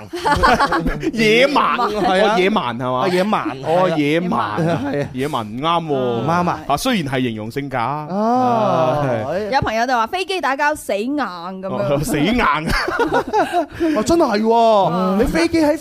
野蠻，係啊，野蠻係嘛？哦野蠻，啊野蠻係，野蠻唔啱喎。唔啱啊！雖然係形容性格，啊，有朋友就話飛機打交死硬咁樣，死硬啊！真係，你飛機喺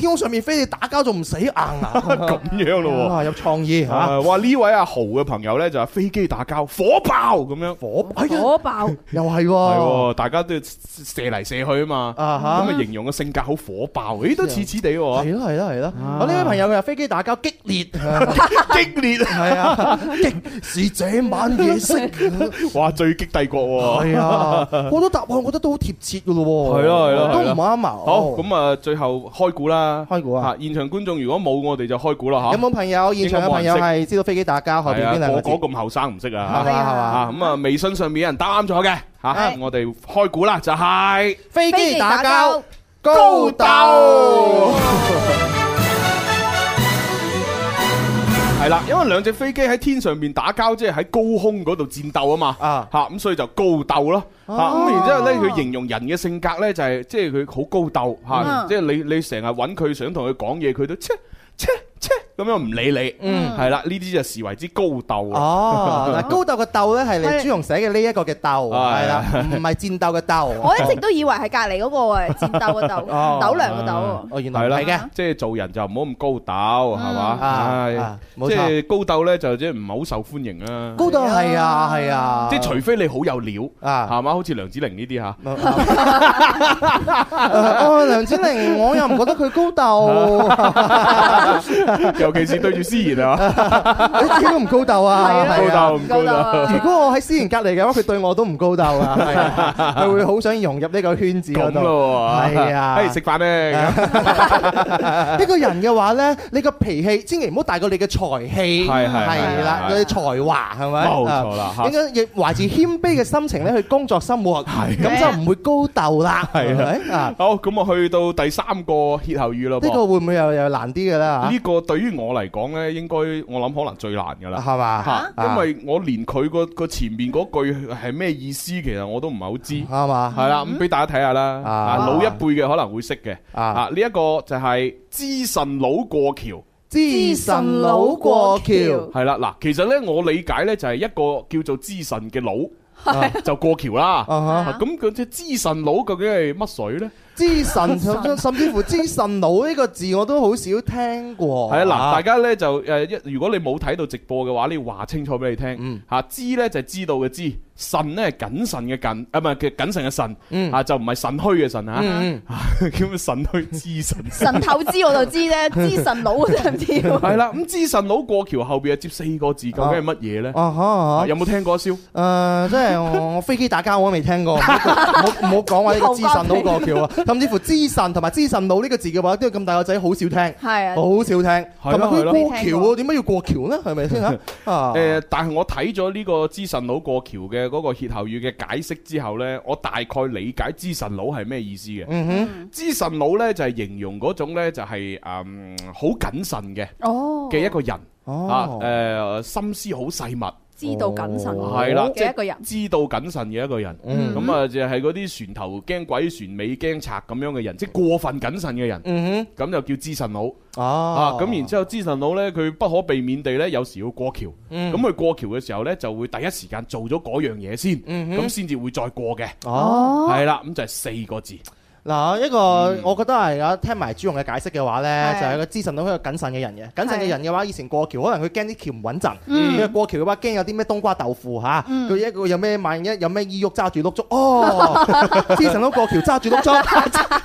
天空上面飛，你打交仲唔死硬啊！咁樣咯，哇，有創意吓！哇，呢位阿豪嘅朋友咧就係飛機打交，火爆咁樣，火火爆，又係，係，大家都射嚟射去啊嘛，啊哈！咁啊形容嘅性格好火爆，咦都似似地，係咯係咯係咯！我呢位朋友佢話飛機打交激烈，激烈係啊，激是這晚夜色，哇！最激帝國，係啊，好多答案，我覺得都好貼切噶咯，係咯係咯，都唔啱啊！好咁啊，最後開估啦。開估啊！現場觀眾如果冇，我哋就開估啦吓。有冇朋友現場嘅朋友係知道飛機打交？我我咁後生唔識啊，係嘛？咁啊，微信上面有人答啱咗嘅吓，我哋開估啦，就係飛機打交，高鬥啦，因為兩隻飛機喺天上面打交，即係喺高空嗰度戰鬥啊嘛，吓咁、uh. 啊、所以就高鬥咯，咁、oh. 啊、然之後咧，佢形容人嘅性格咧就係、是，即係佢好高鬥吓，即係、uh huh. 啊就是、你你成日揾佢想同佢講嘢，佢都切切切。咁樣唔理你，係啦，呢啲就視為之高鬥啊！哦，嗱，高鬥嘅鬥咧係你朱紅寫嘅呢一個嘅鬥，係啦，唔係戰鬥嘅鬥。我一直都以為係隔離嗰個誒戰鬥嘅鬥，斗量嘅鬥。哦，原來係嘅，即係做人就唔好咁高鬥，係嘛？唉，即係高鬥咧就即係唔係好受歡迎啊！高鬥，係啊，係啊，即係除非你好有料啊，係嘛？好似梁子玲呢啲嚇。哦，梁子玲，我又唔覺得佢高鬥。尤其是對住思賢啊，你自己都唔高竇啊，高竇唔高竇？如果我喺思賢隔離嘅話，佢對我都唔高竇啊，係佢會好想融入呢個圈子嗰度。係啊，不如食飯咧。一個人嘅話咧，你個脾氣千祈唔好大過你嘅才氣，係啦，你嘅才華係咪？冇錯啦，應該亦懷住謙卑嘅心情咧去工作生活，係咁就唔會高竇啦。係咪？好，咁我去到第三個歇後語啦。呢個會唔會又又難啲嘅咧？呢個對於我嚟講呢，應該我諗可能最難噶啦，係嘛？吓，因為我連佢個前面嗰句係咩意思，其實我都唔係好知，係嘛？係啦，咁俾大家睇下啦。啊，老一輩嘅可能會識嘅。啊，呢一個就係知神佬過橋，知神佬過橋，係啦。嗱，其實呢，我理解呢，就係一個叫做知神嘅佬就過橋啦。咁嗰隻知神佬究竟係乜水呢？知神甚至乎知神佬呢個字我都好少聽過。係啦，啊，大家呢，就誒一，如果你冇睇到直播嘅話，你要話清楚俾你聽。嗯，嚇知呢，就係知道嘅知。腎咧，係謹慎嘅謹，啊唔係謹慎嘅慎，啊就唔係腎虛嘅腎啊，叫神虛知神。神透知我就知啫，知神佬真係唔知。係啦，咁知神佬過橋後邊啊接四個字，究竟係乜嘢咧？有冇聽過一招？誒，即係我飛機打交我都未聽過，冇冇講啊呢個知神佬過橋啊，甚至乎知神同埋知神佬呢個字嘅話，啲咁大個仔好少聽，係啊，好少聽，咁咯係咯。過橋，點解要過橋咧？係咪先啊？誒，但係我睇咗呢個知神佬過橋嘅。嗰個歇後語嘅解釋之後呢，我大概理解知神佬係咩意思嘅。知、嗯、哼神佬呢就係、是、形容嗰種呢就係誒好謹慎嘅嘅一個人、哦、啊，誒、呃、心思好細密。知道謹慎嘅一個人，哦就是、知道謹慎嘅一個人，咁啊、嗯、就係嗰啲船頭驚鬼，船尾驚賊咁樣嘅人，即、就、係、是、過分謹慎嘅人，咁、嗯、哼就叫知順佬。啊，咁、啊、然之後知順佬呢，佢不可避免地呢，有時要過橋，咁佢、嗯、過橋嘅時候呢，就會第一時間做咗嗰樣嘢先，咁先至會再過嘅。哦、啊，係啦，咁就係四個字。嗱，一個我覺得係啊，聽埋朱融嘅解釋嘅話咧，就係個資訊佬一個謹慎嘅人嘅。謹慎嘅人嘅話，以前過橋可能佢驚啲橋唔穩陣。嗯。佢過橋嘅話，驚有啲咩冬瓜豆腐嚇。嗯。佢一個有咩萬一有咩衣鬱揸住碌竹哦，資訊佬過橋揸住碌竹，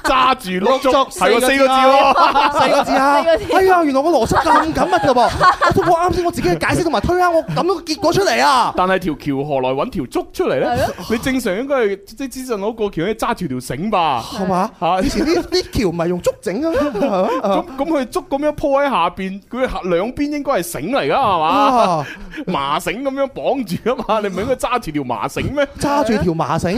揸住碌竹，係個四個字咯，四個字啊。哎呀，原來個邏輯咁緊密嘅噃。我透過啱先我自己嘅解釋同埋推拉，我諗到個結果出嚟啊。但係條橋何來揾條竹出嚟咧？你正常應該係即係資訊佬過橋咧揸住條繩吧。啊！以前啲啲橋唔係用竹整嘅，咁，咁佢竹咁樣鋪喺下邊，佢兩邊應該係繩嚟噶係嘛？ <laughs> 麻繩咁樣綁住啊嘛？你唔係應該揸住條麻繩咩？揸住條麻繩，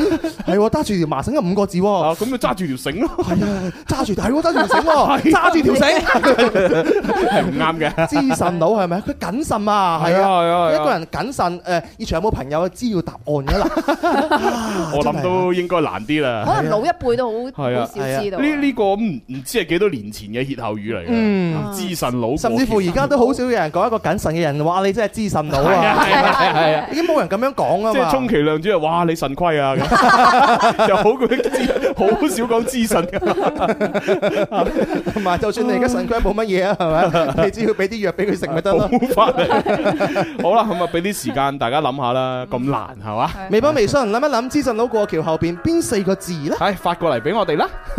係揸住條麻繩嘅五個字，咁、嗯、就揸住條繩咯。係啊，揸住係，揸住條繩，揸住條繩係唔啱嘅。資深佬係咪？佢謹慎啊，係啊，係啊。 <laughs> <laughs> <laughs> 謹慎誒，現場有冇朋友知道答案噶啦？我諗都應該難啲啦。可能老一輩都好少知道。呢呢個唔唔知係幾多年前嘅歇後語嚟嘅。嗯，資神老。甚至乎而家都好少有人講一個謹慎嘅人，話你真係資神佬啊。係啊係啊，已經冇人咁樣講啊，即係充其量只係，哇！你腎虧啊，咁就好過。 <laughs> 少資好少講資訊噶，同埋就算你而家腎虧冇乜嘢啊，係咪？你只要俾啲藥俾佢食咪得咯。好快。好啦，咁啊，俾啲時間大家諗下啦。咁難係嘛？微博微信諗一諗，資訊佬過橋後邊邊四個字咧？唉 <laughs> ，發過嚟俾我哋啦。 <laughs>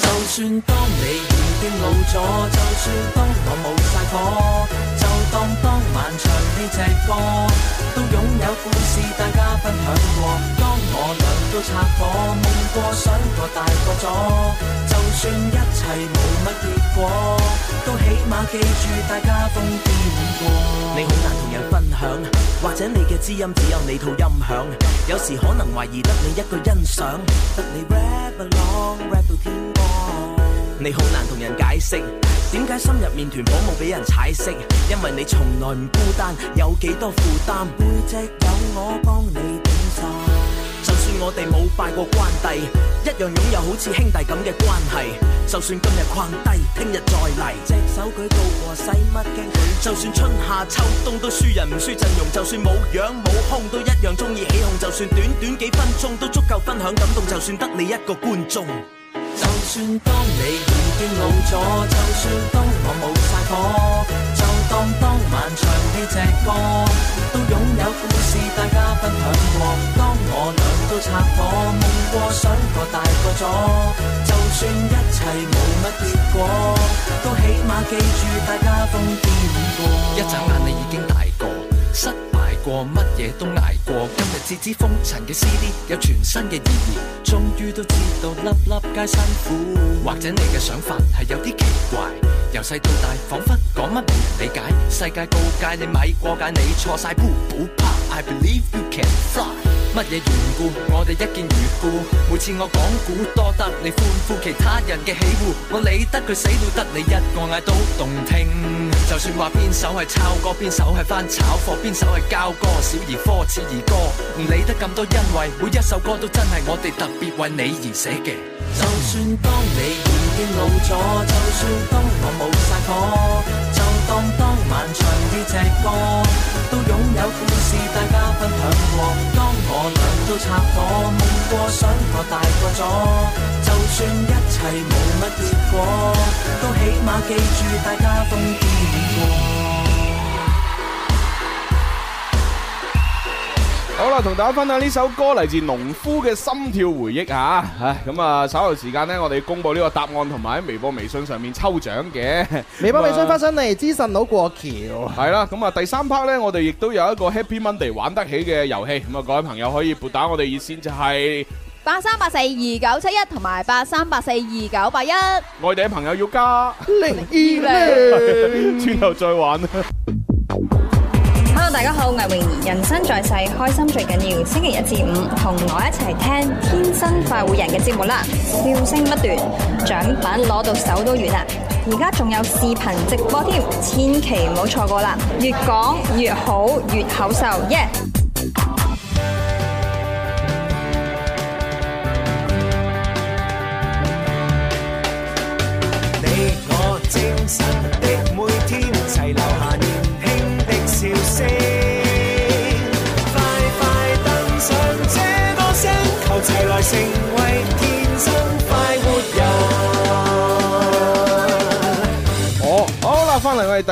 就算當你已經冇咗，就算當我冇晒火。隻歌都擁有故事，大家分享過。當我兩都拆火，夢過想過大個咗。就算一切冇乜結果，都起碼記住大家都癲過。你好難同人分享，或者你嘅知音只有你套音響，有時可能懷疑得你一個欣賞，得你 rap along rap 到天光。你好難同人解釋，點解心入面團保冇俾人踩色？因為你從來唔孤單，有幾多負擔，背脊有我幫你頂曬。就算我哋冇拜過關帝，一樣擁有好似兄弟咁嘅關係。就算今日框低，聽日再嚟，隻手舉到我使乜驚佢？就算春夏秋冬都輸人唔輸陣容，就算冇樣冇胸都一樣中意起哄。就算短短幾分鐘都足夠分享感動，就算得你一個觀眾。就算當你已經老咗，就算當我冇晒火，就當當晚唱呢隻歌，都擁有故事大家分享過。當我兩都拆夥，夢過想過大個咗，就算一切冇乜結果，都起碼記住大家瘋癲過。一眨眼你已經大個，失。過乜嘢都挨過，今日知知封塵嘅 CD 有全新嘅意義，終於都知道粒粒皆辛苦。或者你嘅想法係有啲奇怪，由細到大仿佛講乜冇人理解，世界告誡你咪過界，你錯晒步。I believe you can fly，乜嘢緣故我哋一見如故，每次我講古多得你歡呼，其他人嘅喜呼我理得佢死，都得你一個嗌，都動聽。就算話邊首係抄歌，邊首係翻炒貨，邊首係交歌，小兒科、似兒歌，唔理得咁多，因為每一首歌都真係我哋特別為你而寫嘅、 <noise> 嗯。就算當你已經老咗，就算當我冇晒火，就當當晚唱呢隻歌，都擁有故事大家分享過。我倆都插伙，夢過，想過大個咗。就算一切冇乜結果，都起碼記住大家瘋癲過。好啦，同大家分享呢首歌嚟自農夫嘅《心跳回憶》吓！咁啊，稍後時間呢，我哋公布呢個答案同埋喺微博、微信上面抽獎嘅。微博、微信發上嚟，資訊佬過橋。係啦，咁啊，第三 part 呢，我哋亦都有一個 Happy Monday 玩得起嘅遊戲。咁啊，各位朋友可以撥打我哋熱線，就係八三八四二九七一，同埋八三八四二九八一。外地嘅朋友要加零二零，轉頭再玩。大家好，魏榮怡，人生在世，開心最緊要。星期一至五，同我一齊聽天生快活人嘅節目啦，笑聲不斷，獎品攞到手都軟啦。而家仲有視頻直播添，千祈唔好錯過啦，越講越好，越口秀耶！你我精神的。 <music>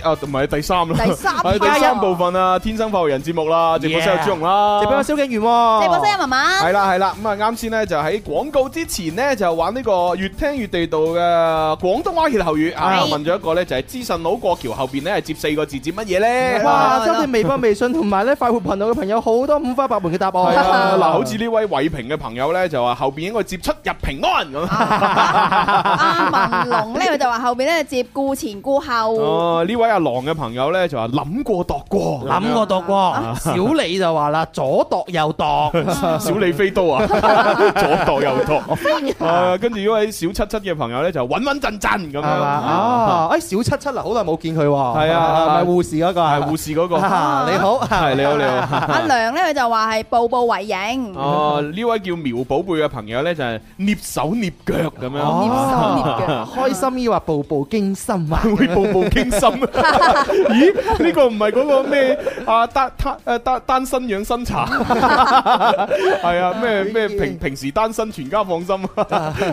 啊，唔係第三啦，第三部分啊，天生快活人節目啦，直播室有朱紅啦，直播室有蕭敬源，直播室有文文，係啦係啦，咁啊啱先咧就喺廣告之前咧就玩呢個越聽越地道嘅廣東話歇後語啊，問咗一個咧就係資訊佬過橋後邊咧係接四個字接乜嘢咧？哇！收到微博微信同埋咧快活頻道嘅朋友好多五花八門嘅答案。嗱，好似呢位偉平嘅朋友咧就話後邊應該接出入平安咁。阿文龍咧佢就話後邊咧接顧前顧後。哦，呢位啊。狼嘅朋友咧就話諗過度過，諗過度過。小李就話啦，左度右度，小李飛刀啊，左度右度。跟住呢位小七七嘅朋友咧就穩穩陣陣咁樣。哦，誒，小七七啊，好耐冇見佢。係啊，係護士嗰個。係護士嗰個。你好，係你好你好。阿梁咧，佢就話係步步為營。哦，呢位叫苗寶貝嘅朋友咧就係捏手捏腳咁樣。捏手捏腳。開心要話步步驚心啊？會步步驚心。 <laughs> 咦？呢、這個唔係嗰個咩、啊？阿單單誒單單身養生茶係啊咩咩平平時單身全家放心 <laughs>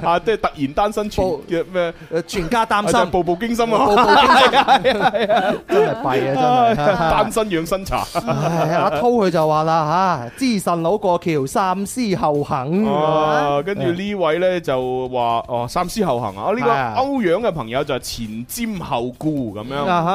啊即係突然單身全咩報麼全家擔心 <laughs> 步步驚心啊係啊係啊、 <laughs> 哎、呀真係弊啊真係、 <laughs> 哎、單身養生茶阿濤佢就話啦吓資深佬過橋三思後行，啊啊、跟住呢位咧就話哦、啊、三思後行啊呢、這個歐陽嘅朋友就係前瞻後顧咁樣。啊啊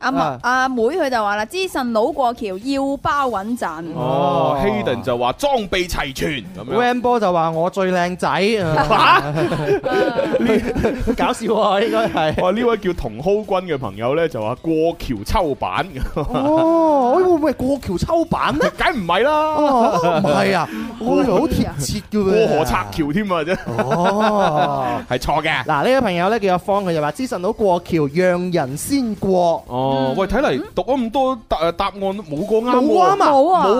阿阿妹佢就話啦，資訊佬過橋要包穩陣。哦，Hayden 就話裝備齊全。咁樣，Rainbow 就話我最靚仔。搞笑啊！應該係哇，呢位叫同蒿軍嘅朋友咧就話過橋抽板。哦，喂喂，過橋抽板咧，梗唔係啦，唔係啊，過好貼切嘅，過河拆橋添啊，啫。哦，係錯嘅。嗱，呢個朋友咧叫阿方，佢就話資訊佬過橋讓人先過。喂，睇嚟讀咗咁多答答案，冇個啱喎，冇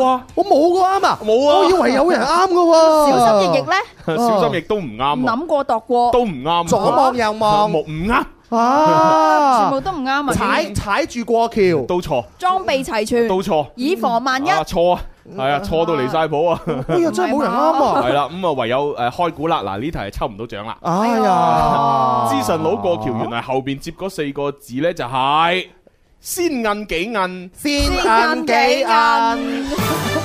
啊，我冇個啱啊，冇啊，我以為有人啱嘅喎。小心翼翼咧，小心翼都唔啱啊。諗過度過都唔啱，左望右望，唔啱啊，全部都唔啱啊。踩踩住過橋都錯，裝備齊全都錯，以防萬一錯啊，係啊，錯到離晒譜啊。哎呀，真係冇人啱啊，係啦，咁啊唯有誒開估啦。嗱呢題係抽唔到獎啦。哎呀，知順佬過橋，原來後邊接嗰四個字咧就係。先摁幾摁，先摁幾摁。 <laughs>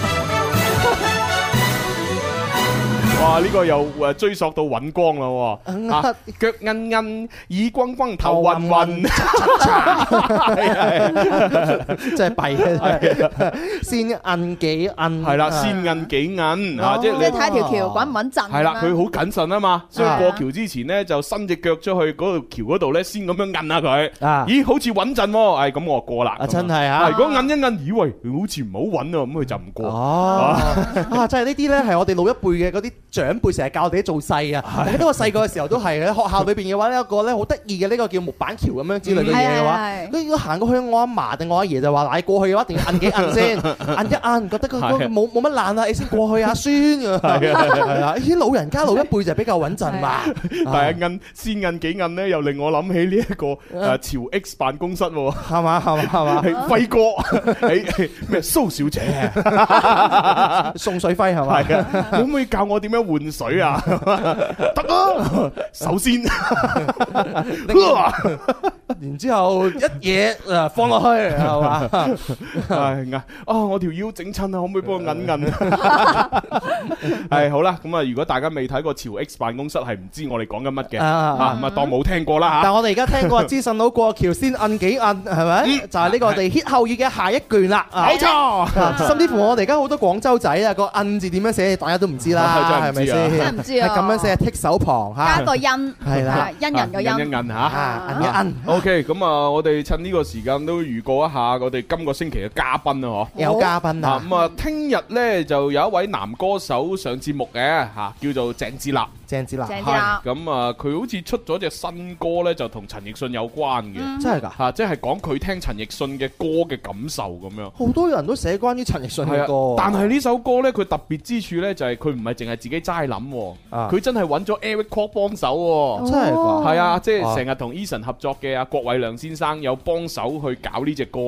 哇！呢個又誒追索到揾光啦，吓腳韌韌，耳光光頭暈暈，真係弊先韌幾韌，係啦，先韌幾韌，啊，即係睇下條橋穩唔穩陣。係啦，佢好謹慎啊嘛，所以過橋之前呢，就伸隻腳出去嗰條橋嗰度咧先咁樣韌下佢。啊，咦，好似穩陣喎，咁我過啦。啊，真係嚇！如果韌一韌，以為好似唔好穩啊，咁佢就唔過。哦，啊，即係呢啲咧係我哋老一輩嘅嗰啲。長輩成日教我哋做細啊！我記得我細個嘅時候都係喺學校裏邊嘅話呢一個咧好得意嘅呢個叫木板橋咁樣之類嘅嘢嘅話，你行過去，我阿嫲定我阿爺就話踩過去嘅話，一定要摁幾摁先，摁一摁覺得個冇冇乜爛啊，你先過去啊，孫㗎係啊！啲老人家老一輩就比較穩陣嘛。但係摁先摁幾摁咧，又令我諗起呢一個誒朝 X 辦公室喎，係嘛係嘛係嘛？係輝哥，係咩蘇小姐？宋水輝係咪？可唔可以教我點樣？換水啊，得 <laughs> 咯，啊。首先， <laughs> <laughs> 然之後一嘢，誒放落去係嘛，啊、 <laughs> <laughs> 哎哎。哦，我條腰整親啊，可唔可以幫我摁摁？係、 <laughs> 哎、好啦，咁啊，如果大家未睇過《潮 X 辦公室》，係唔知我哋講緊乜嘅啊，咁啊當冇聽過啦吓。 <laughs> 但係我哋而家聽過，資訊佬過橋先摁幾摁，係咪？就係、是、呢個我哋歇後語嘅下一卷啦。冇錯錯、啊，甚至乎我哋而家好多廣州仔啊，個摁字點樣寫，大家都唔知啦。 <laughs> 哎係咪先？真係唔知啊！係咁樣寫，剔手旁，吓加個恩，係啦，恩人個恩，銀一銀吓，銀一銀。OK，咁啊，我哋趁呢個時間都預告一下，我哋今個星期嘅嘉賓啊，嗬，有嘉賓啊。咁啊，聽日咧就有一位男歌手上節目嘅，嚇叫做鄭智立。正子啦，係咁啊！佢好似出咗隻新歌呢，就同陳奕迅有關嘅，真係噶吓，即係講佢聽陳奕迅嘅歌嘅感受咁樣。好多人都寫關於陳奕迅嘅歌，但係呢首歌呢，佢特別之處呢，就係佢唔係淨係自己齋諗，佢真係揾咗 Eric Kwok 幫手，真係噶，係啊，即係成日同 Eason 合作嘅阿郭偉亮先生有幫手去搞呢隻歌，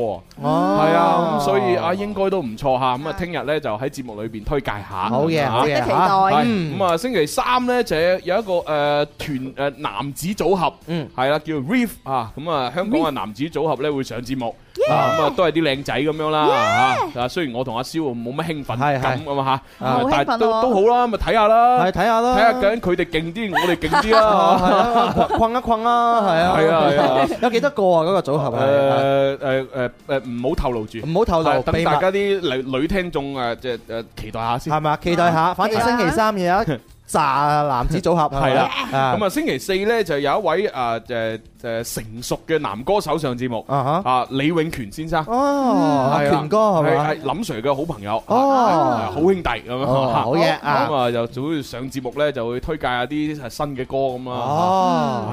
係啊，咁所以啊，應該都唔錯吓，咁啊，聽日呢，就喺節目裏邊推介下，好嘢！值得期待。咁啊，星期三呢，就有一個誒團誒男子組合，係啦，叫 Rave 啊。咁啊香港嘅男子組合咧，會上節目，咁啊都係啲靚仔咁樣啦吓。雖然我同阿蕭冇乜興奮感咁啊吓，但係都都好啦，咪睇下啦，睇下睇下究竟佢哋勁啲，我哋勁啲啦，困一困啦，係啊係啊，有幾多個啊嗰個組合？誒誒誒誒，唔好透露住，唔好透露，等大家啲女女聽眾誒，即係誒期待下先，係咪？期待下，反正星期三嘅。渣男子組合係啦，咁啊星期四咧就有一位啊誒誒成熟嘅男歌手上節目啊李永權先生哦權哥係咪係林 Sir 嘅好朋友哦好兄弟咁樣好嘅啊咁啊就早上節目咧就會推介下啲新嘅歌咁啊哦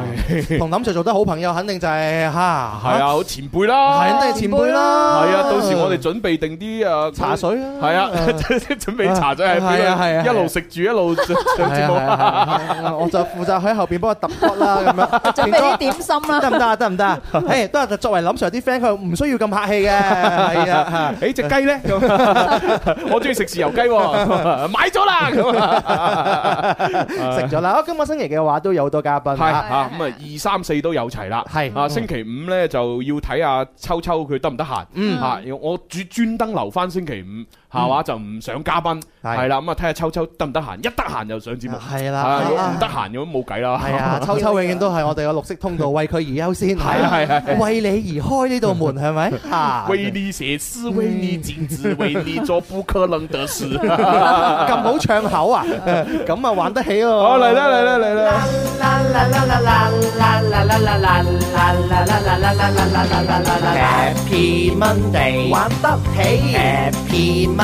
同林 Sir 做得好朋友肯定就係嚇係啊好前輩啦係肯定係前輩啦係啊到時我哋準備定啲啊茶水啊係啊準備茶水係啊係啊一路食住一路。我就負責喺後邊幫我揼骨啦咁樣，俾啲點心啦，得唔得啊？得唔得啊？誒，都係作為林 Sir 啲 friend，佢唔需要咁客氣嘅，係啊。誒，隻雞咧，我中意食豉油雞，買咗啦，食咗。我今個星期嘅話都有好多嘉賓，係啊，咁啊、嗯、二三四都有齊啦，係啊。嗯、星期五咧就要睇下秋秋佢得唔得閒，嗯、嗯啊，我專專登留翻星期五。係話就唔上嘉賓，係啦咁啊睇下秋秋得唔得閒，一得閒就上節目，係啦，唔得閒咁冇計啦。係啊，秋秋永遠都係我哋嘅綠色通道，為佢而優先。係啊係啊，為你而開呢道門係咪？啊，為你寫詩，為你靜止，為你做不可能的事，咁好唱口啊！咁啊玩得起哦！嚟啦嚟啦嚟啦！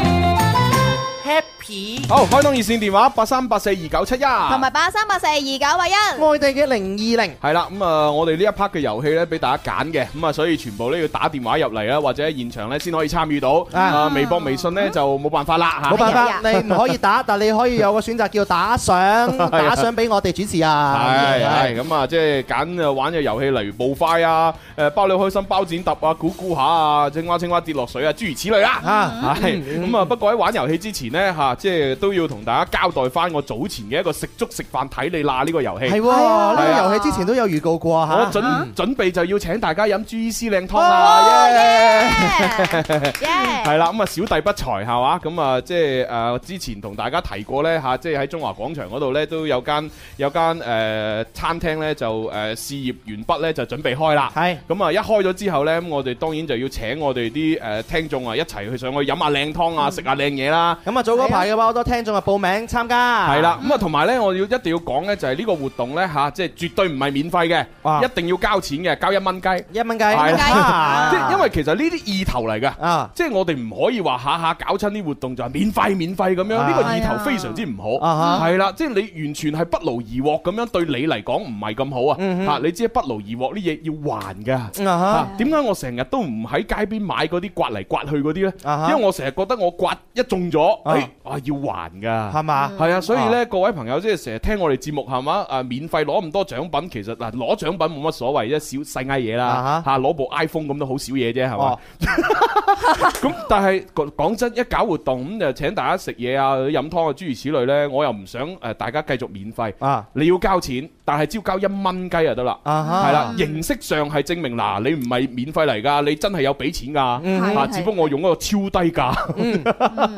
好，開通熱線電話八三八四二九七一，同埋八三八四二九八一，外地嘅零二零。係啦，咁啊，我哋呢一 part 嘅遊戲咧，俾大家揀嘅，咁啊，所以全部都要打電話入嚟啦，或者現場咧先可以參與到。啊，微博、微信咧就冇辦法啦。冇辦法，你唔可以打，但係你可以有個選擇叫打賞，打賞俾我哋主持啊。係係，咁啊，即係揀啊玩嘅遊戲，例如冒快啊，誒包你開心包剪揼啊，估估下啊，青蛙青蛙跌落水啊，諸如此類啦。吓，係，咁啊，不過喺玩遊戲之前呢。咧即係都要同大家交代翻我早前嘅一個食粥食飯睇你嗱呢、這個遊戲，係呢、哦啊、個遊戲之前都有預告過嚇。我準、嗯、準備就要請大家飲豬醫師靚湯啦。係啦、哦，咁啊小弟不才嚇哇，咁啊即係誒之前同大家提過呢，嚇、啊，即係喺中華廣場嗰度呢，都有間有間誒、呃、餐廳呢，就、呃、誒試業完畢呢，就準備開啦。係咁啊一開咗之後呢，我哋當然就要請我哋啲誒聽眾啊一齊去上去飲下靚湯啊，食下靚嘢啦。咁、嗯、啊。排嘅話好多聽眾啊，報名參加係啦，咁啊同埋咧，我要一定要講咧，就係呢個活動咧嚇，即係絕對唔係免費嘅，一定要交錢嘅，交一蚊雞，一蚊雞，因為其實呢啲意頭嚟㗎，即係我哋唔可以話下下搞親啲活動就係免費，免費咁樣，呢個意頭非常之唔好，係啦，即係你完全係不勞而獲咁樣對你嚟講唔係咁好啊，嚇你知不勞而獲啲嘢要還㗎，嚇點解我成日都唔喺街邊買嗰啲刮嚟刮去嗰啲咧？因為我成日覺得我刮一中咗。係啊，要還噶，係嘛嗎，係啊，所以咧，啊、各位朋友即係成日聽我哋節目，係嘛，啊，免費攞咁多獎品，其實嗱，攞獎品冇乜所謂啫，小細嗌嘢啦，吓、啊哈，攞、啊、部 iPhone 咁都好少嘢啫，係嘛，咁、啊 <laughs> 嗯、但係講真，一搞活動咁就請大家食嘢啊、飲湯啊諸如此類咧，我又唔想誒大家繼續免費，啊、你要交錢。但係只要交一蚊雞就得啦，係啦，形式上係證明嗱，你唔係免費嚟噶，你真係有俾錢噶，吓，只不過我用嗰個超低價，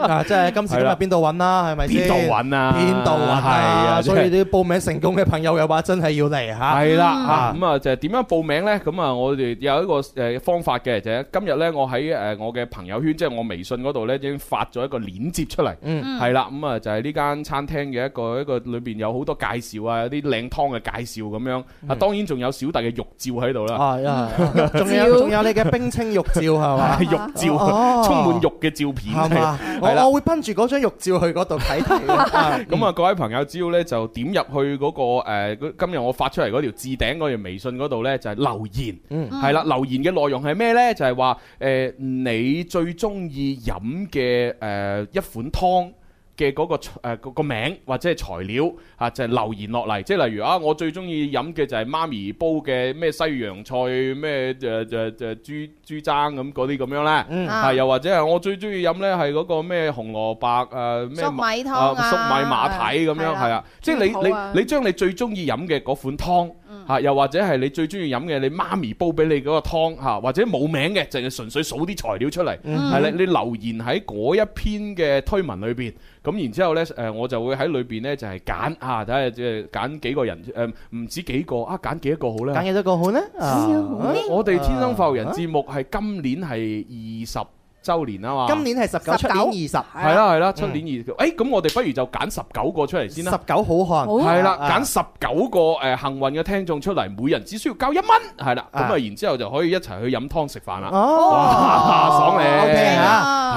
啊，即係今次都喺邊度揾，啦，係咪？邊度揾啊？邊度啊？係啊，所以啲報名成功嘅朋友又話，真係要嚟吓，係啦，咁啊，就係點樣報名咧？咁啊，我哋有一個誒方法嘅，就係今日咧，我喺誒我嘅朋友圈，即係我微信嗰度咧，已經發咗一個鏈接出嚟，係啦，咁啊就係呢間餐廳嘅一個一個裏邊有好多介紹啊，有啲靚湯嘅。介紹咁樣啊，當然仲有小弟嘅玉照喺度啦，仲有仲有你嘅冰清玉照係嘛？玉照，充滿玉嘅照片係嘛？我會奔住嗰張玉照去嗰度睇。咁啊，各位朋友只要呢，就點入去嗰個誒，今日我發出嚟嗰條置頂嗰條微信嗰度呢，就係留言，係啦，留言嘅內容係咩呢？就係話誒，你最中意飲嘅誒一款湯。嘅嗰、嗰個誒、呃、名或者係材料啊，就係、係、留言落嚟。即係例如啊，我最中意飲嘅就係媽咪煲嘅咩西洋菜咩誒誒誒豬豬踭咁嗰啲咁樣咧。嗯啊，又或者係我最中意飲咧係嗰個咩紅蘿蔔誒咩粟米湯啊，粟米馬蹄咁樣係啊。即係你你你將你最中意飲嘅嗰款湯嚇，又或者係你最中意飲嘅你媽咪煲俾你嗰個湯、啊、或者冇名嘅，淨係純粹數啲材料出嚟係啦。你留言喺嗰一篇嘅推文裏邊。咁然之後呢，誒我就會喺裏邊呢，就係、是、揀啊，睇下即係揀幾個人，誒、嗯、唔止幾個啊，揀幾多個好呢？揀幾多個好呢？啊啊、我哋天生快活人節目係今年係二十周年啦嘛，今年係十九，出年二十，係啦係啦，出年二十。誒，咁我哋不如就揀十九個出嚟先啦。十九好漢，係啦，揀十九個誒幸運嘅聽眾出嚟，每人只需要交一蚊，係啦，咁啊，然之後就可以一齊去飲湯食飯啦。哦，爽你 OK 吓，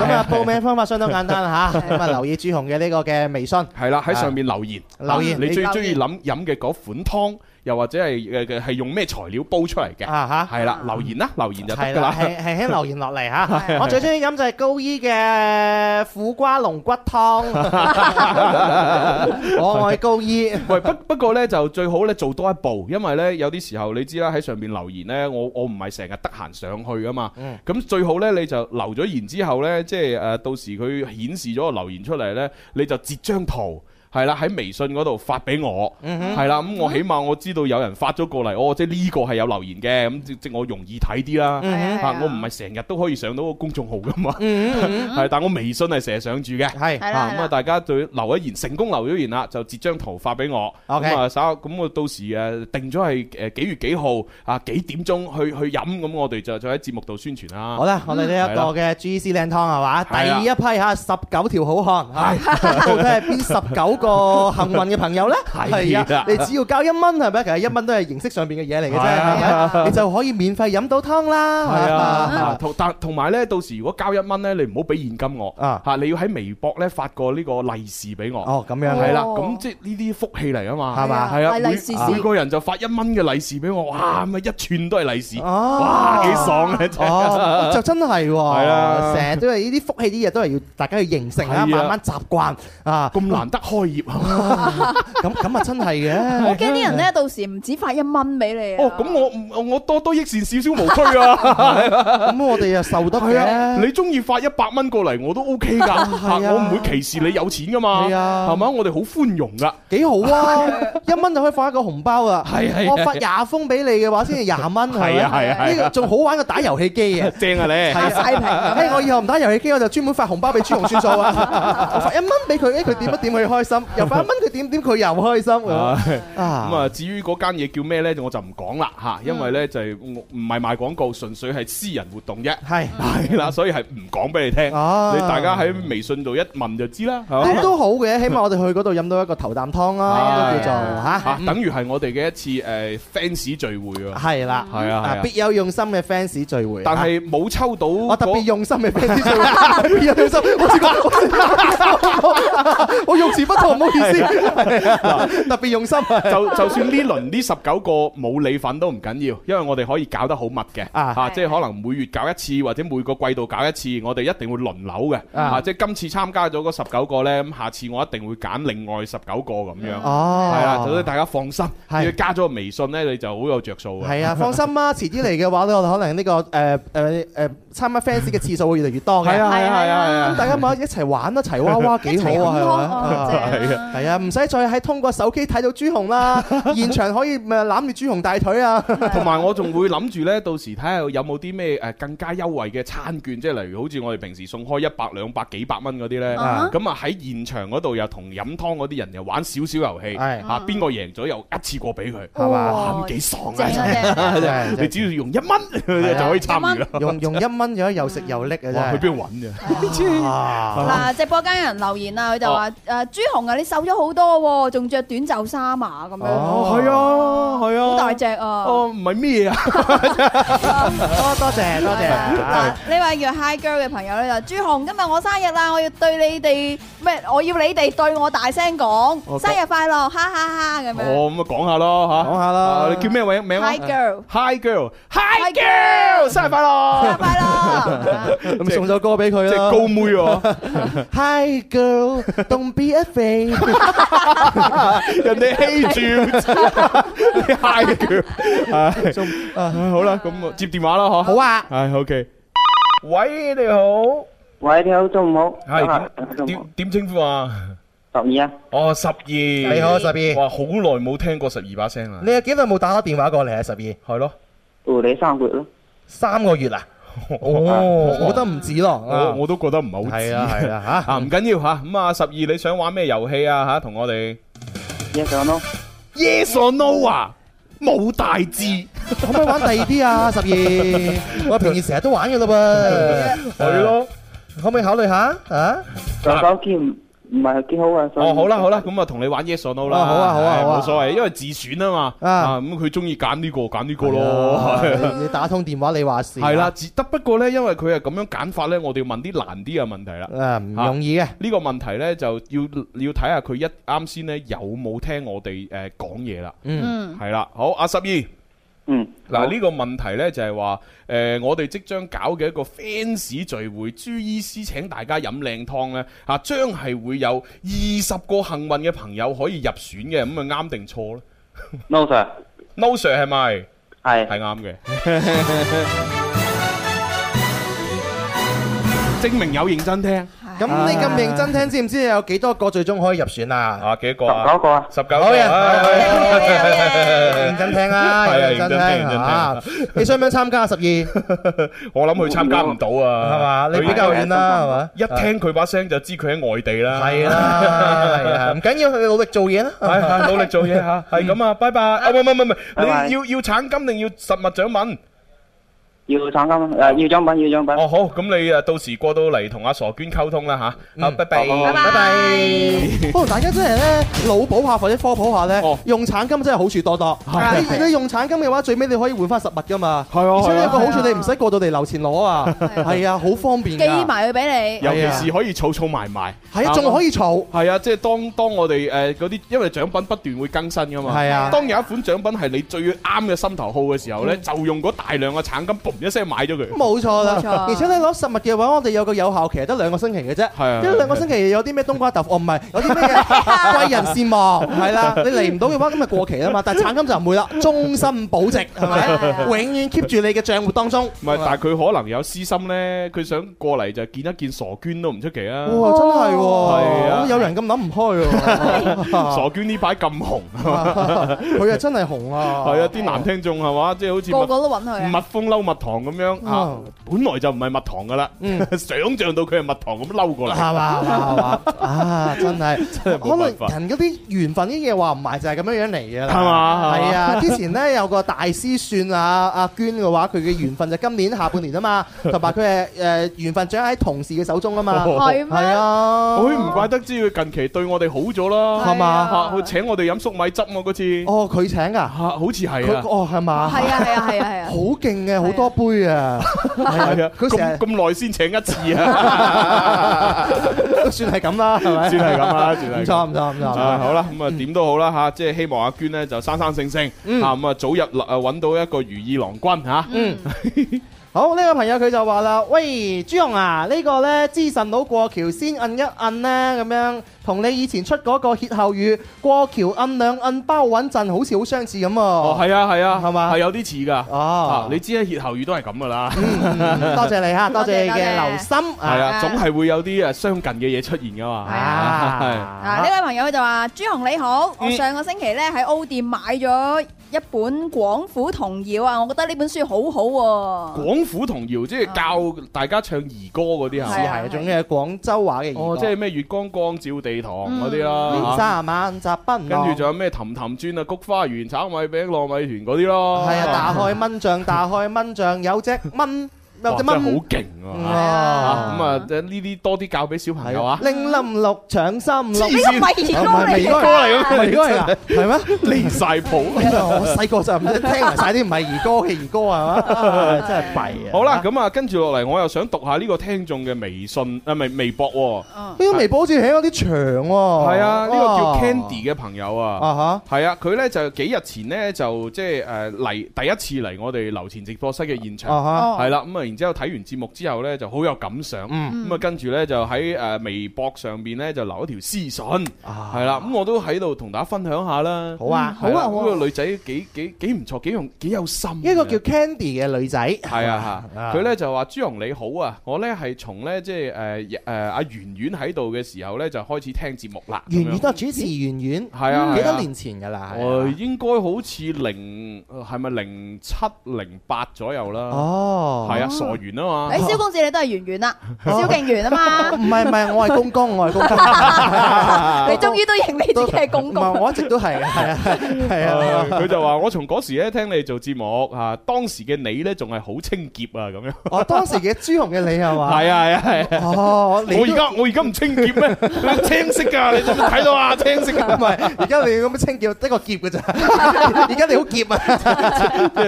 咁啊，報名方法相當簡單吓，咁啊，留意朱紅嘅呢個嘅微信，係啦，喺上面留言，留言。你最中意諗飲嘅嗰款湯？又或者係誒係用咩材料煲出嚟嘅？係啦、啊哈，留言啦，留言就得噶啦，係係留言落嚟吓。 <laughs> 的我最中意飲就係高醫嘅苦瓜龍骨湯。 <laughs> <laughs> 我愛高醫。喂， <laughs> 不不過咧就最好咧做多一步，因為呢有啲時候你知啦，喺上面留言呢，我我唔係成日得閒上去啊嘛。咁、嗯、最好呢，你就留咗言之後呢，即係誒，到時佢顯示咗個留言出嚟呢，你就截張圖。係啦，喺微信嗰度發俾我，係啦，咁我起碼我知道有人發咗過嚟，哦，即係呢個係有留言嘅，咁即即我容易睇啲啦。嚇，我唔係成日都可以上到個公眾號㗎嘛。係，但我微信係成日上住嘅。係，咁啊，大家就留咗言，成功留咗言啦，就截張圖發俾我。咁啊，稍咁我到時誒定咗係誒幾月幾號啊幾點鐘去去飲，咁我哋就就喺節目度宣傳啦。好啦，我哋呢一個嘅豬醫師靚湯係嘛，第一批嚇十九條好漢，睇下邊十九個。個幸運嘅朋友咧，係啊！你只要交一蚊，係咪？其實一蚊都係形式上邊嘅嘢嚟嘅啫，你就可以免費飲到湯啦。係啊，同但同埋咧，到時如果交一蚊咧，你唔好俾現金我嚇，你要喺微博咧發個呢個利是俾我。哦，咁樣係啦，咁即係呢啲福氣嚟啊嘛，係嘛？係啊，每個人就發一蚊嘅利是俾我，哇！咪一串都係利是，哇，幾爽啊就真係喎，成日都係呢啲福氣，啲嘢都係要大家去形成啊，慢慢習慣啊，咁難得開。咁咁啊，真係嘅。我驚啲人咧，到時唔止發一蚊俾你啊。哦，咁我我多多益善，少少無拘啊。咁我哋啊受得佢啊。你中意發一百蚊過嚟，我都 O K 噶。我唔會歧視你有錢噶嘛。係啊。係嘛，我哋好寬容噶。幾好啊！一蚊就可以發一個紅包啊。係我發廿封俾你嘅話，先廿蚊。係啊係啊。呢個仲好玩過打遊戲機啊。正啊你。晒我以後唔打遊戲機，我就專門發紅包俾朱紅算數啊。我發一蚊俾佢，誒，佢點一點去以開心。又反問佢點點，佢又開心。咁啊，至於嗰間嘢叫咩咧，我就唔講啦嚇，因為咧就係唔係賣廣告，純粹係私人活動啫。係係啦，所以係唔講俾你聽。你大家喺微信度一問就知啦。咁都好嘅，起碼我哋去嗰度飲到一個頭啖湯咯，都叫做嚇嚇，等於係我哋嘅一次誒 fans 聚會喎。係啦，係啊，係啊，別有用心嘅 fans 聚會。但係冇抽到我特別用心嘅 fans 聚會，別有用心，我用詞不。唔好意思，特別用心。就就算呢輪呢十九個冇你份都唔緊要，因為我哋可以搞得好密嘅。啊，即係可能每月搞一次，或者每個季度搞一次，我哋一定會輪流嘅。啊，即係今次參加咗嗰十九個呢，咁下次我一定會揀另外十九個咁樣。哦，係啊，所以大家放心。你加咗個微信呢，你就好有着數。係啊，放心啦，遲啲嚟嘅話咧，我哋可能呢個誒誒誒。參加 fans 嘅次數會越嚟越多嘅，係啊係啊，咁大家咪一齊玩一齊哇哇幾好啊係啊唔使再喺通過手機睇到朱紅啦，現場可以咪攬住朱紅大腿啊，同埋我仲會諗住咧，到時睇下有冇啲咩誒更加優惠嘅餐券，即係例如好似我哋平時送開一百兩百幾百蚊嗰啲咧，咁啊喺現場嗰度又同飲湯嗰啲人又玩少少遊戲，啊邊個贏咗又一次過俾佢，哇幾爽啊！你只要用一蚊就可以參與啦，用用一蚊。跟住咧又食又叻啊！真係去邊揾嘅？哇！嗱，直播間有人留言啊，佢就話：誒朱紅啊，你瘦咗好多喎，仲著短袖衫啊，咁樣。哦，係啊，係啊，好大隻啊！哦，唔係咩啊？多多謝多謝。呢位叫 Hi Girl 嘅朋友咧就：朱紅，今日我生日啦，我要對你哋，唔係我要你哋對我大聲講生日快樂，哈哈哈！咁樣。哦，咁啊講下咯嚇，講下啦。你叫咩名名啊？Hi Girl，Hi Girl，Hi Girl，生日快樂！生日快樂！咁咪送首歌俾佢咯，即係高妹哦。Hi girl，don't be afraid。人哋嘿住，嘿住。好啦，咁接電話啦，嗬。好啊。係，OK。喂，你好，喂，你好，中午好，係點點稱呼啊？十二啊。哦，十二。你好，十二。哇，好耐冇聽過十二把聲啦。你有幾耐冇打打電話過嚟啊？十二。係咯。哦，你三個月咯。三個月啦。我、 <laughs> 哦、 <laughs> 我覺得唔止咯， <laughs> 我都覺得唔係好止啊。係啊係啊吓，啊唔緊要吓，咁 <laughs> 啊十二，啊、你想玩咩遊戲啊吓，同，啊、我哋 yes or no？Yes or no 啊，冇大字 <laughs> 可唔可以玩第二啲啊？十二 <laughs> 我平時成日都玩嘅啦噃，係咯，可唔可以考慮下啊？張寶健。唔係幾好啊！哦，好啦好啦，咁啊同你玩 yes or no 啦。哦、啊，好啊好啊，冇、啊哎、所謂，因為自選啊嘛。啊，咁佢中意揀呢個揀呢個咯。的 <laughs> 你打通電話你，你話事。係啦，得不過咧，因為佢係咁樣揀法咧，我哋要問啲難啲嘅問題啦。啊，唔容易嘅呢、啊這個問題咧，就要要睇下佢一啱先咧有冇聽我哋誒講嘢啦。呃、嗯，係啦，好阿十二。啊嗯，嗱呢、啊、個問題呢就係、是、話，誒、呃、我哋即將搞嘅一個 fans 聚會，朱醫師請大家飲靚湯呢，吓、啊、將係會有二十個幸運嘅朋友可以入選嘅，咁啊啱定錯咧 <laughs> ？No sir，No sir 係咪、no, Aye.？係係啱嘅，證明有認真聽。咁你咁認真聽，知唔知有幾多個最終可以入選啊？啊，幾個啊？十九個啊？十九個。認真聽啦，認真聽啊！你想唔想參加？十二？我諗佢參加唔到啊，係嘛？你比較遠啦，係嘛？一聽佢把聲就知佢喺外地啦。係啦，係啊，唔緊要，佢努力做嘢啦，係啊，努力做嘢吓，係咁啊，拜拜。唔係唔係唔係，你要要橙金定要實物獎品？要獎金誒，要獎品，要獎品。哦，好，咁你誒到時過到嚟同阿傻娟溝通啦吓。拜拜，拜拜。大家真係咧，腦補下或者科普下咧，用獎金真係好處多多。你用獎金嘅話，最尾你可以換翻實物噶嘛。係啊。而且有個好處，你唔使過到嚟樓前攞啊。係啊，好方便。寄埋去俾你。尤其是可以儲儲埋埋。係啊，仲可以儲。係啊，即係當當我哋誒嗰啲，因為獎品不斷會更新噶嘛。係啊。當有一款獎品係你最啱嘅心頭好嘅時候咧，就用嗰大量嘅獎金一聲買咗佢，冇錯啦。而且你攞實物嘅話，我哋有個有效期得兩個星期嘅啫。係，一兩個星期有啲咩冬瓜豆腐？哦，唔係，有啲咩貴人羨慕係啦。你嚟唔到嘅話，咁咪過期啦嘛。但係產金就唔會啦，終身保值係咪？永遠 keep 住你嘅帳戶當中。唔係，但係佢可能有私心咧，佢想過嚟就見一見傻娟都唔出奇啊！哇，真係，有有人咁諗唔開啊！傻娟呢排咁紅，佢啊真係紅啊！係啊，啲男聽眾係嘛，即係好似個個都揾佢蜜蜂嬲蜜。糖咁樣，本來就唔係蜜糖噶啦，想象到佢係蜜糖咁嬲過嚟，係嘛係嘛，真係真係冇辦法，可能人嗰啲緣分啲嘢話唔埋就係咁樣樣嚟嘅啦，係嘛係啊。之前咧有個大師算啊阿娟嘅話，佢嘅緣分就今年下半年啊嘛，同埋佢誒誒緣分掌握喺同事嘅手中啊嘛，係啊，佢唔怪得知佢近期對我哋好咗啦，係嘛，佢請我哋飲粟米汁喎嗰次，哦佢請噶，好似係，哦係嘛，係啊係啊係啊，好勁嘅好多。杯啊，佢成咁耐先請一次啊，算係咁啦，算係咁啦，唔錯唔錯唔錯。啊好啦，咁啊點都好啦嚇，即係希望阿娟咧就生生性性啊，咁啊早日揾到一個如意郎君嚇。嗯，好呢個朋友佢就話啦，喂朱紅啊，呢個咧知順佬過橋先摁一摁啦，咁樣。同你以前出嗰個歇後語過橋揞兩揞包穩陣好似好相似咁喎。哦，係啊，係啊，係嘛，係有啲似噶。哦，你知啊，歇後語都係咁噶啦。多謝你嚇，多謝你嘅留心。係啊，總係會有啲誒相近嘅嘢出現噶嘛。係啊，係。啊，呢位朋友就話：朱紅你好，我上個星期咧喺 O 店買咗一本《廣府童謠》啊，我覺得呢本書好好喎。廣府童謠即係教大家唱兒歌嗰啲啊。係一種嘅廣州話嘅兒歌，即係咩月光光照地。糖嗰啲啦，跟住仲有咩氹氹轉啊，菊花園炒米餅、糯米團嗰啲咯。係啊，打開蚊帳，打 <laughs> 開蚊帳，有隻蚊。乜嘢乜好勁啊！咁啊，呢啲多啲教俾小朋友啊！零林六長三，呢個唔係兒歌嚟，唔係應該係係咩？離晒譜，我細個就聽埋晒啲唔係兒歌嘅兒歌係嘛，真係弊啊！好啦，咁啊，跟住落嚟，我又想讀下呢個聽眾嘅微信啊，咪微博。呢個微博好似起有啲長喎。係啊，呢個叫 Candy 嘅朋友啊，啊係啊，佢咧就幾日前呢，就即係誒嚟第一次嚟我哋樓前直播室嘅現場，係啦，咁啊。然之後睇完節目之後呢，就好有感想。咁啊，跟住呢，就喺誒微博上邊呢，就留一條私信，係啦。咁我都喺度同大家分享下啦。好啊，好啊，好啊！呢個女仔幾幾幾唔錯，幾容幾有心。一個叫 Candy 嘅女仔，係啊，佢呢就話：朱容你好啊，我呢係從呢，即係誒阿圓圓喺度嘅時候呢，就開始聽節目啦。圓圓個主持，圓圓係啊幾多年前㗎啦，應該好似零係咪零七零八左右啦。哦，係啊。傻圓啦嘛！你蕭公子，你都係圓圓啦，蕭敬圓啊嘛！唔係唔係，我係公公，我係公公。你終於都認你自己係公公，我一直都係啊，係啊，係啊！佢就話：我從嗰時咧聽你做節目，吓當時嘅你咧仲係好清潔啊咁樣。我當時嘅朱紅嘅你係嘛？係啊係啊係啊！哦，我而家我而家唔清潔咩？青色噶，你睇到啊？青色噶，唔係而家你咁樣清潔得個澀噶咋？而家你好澀啊，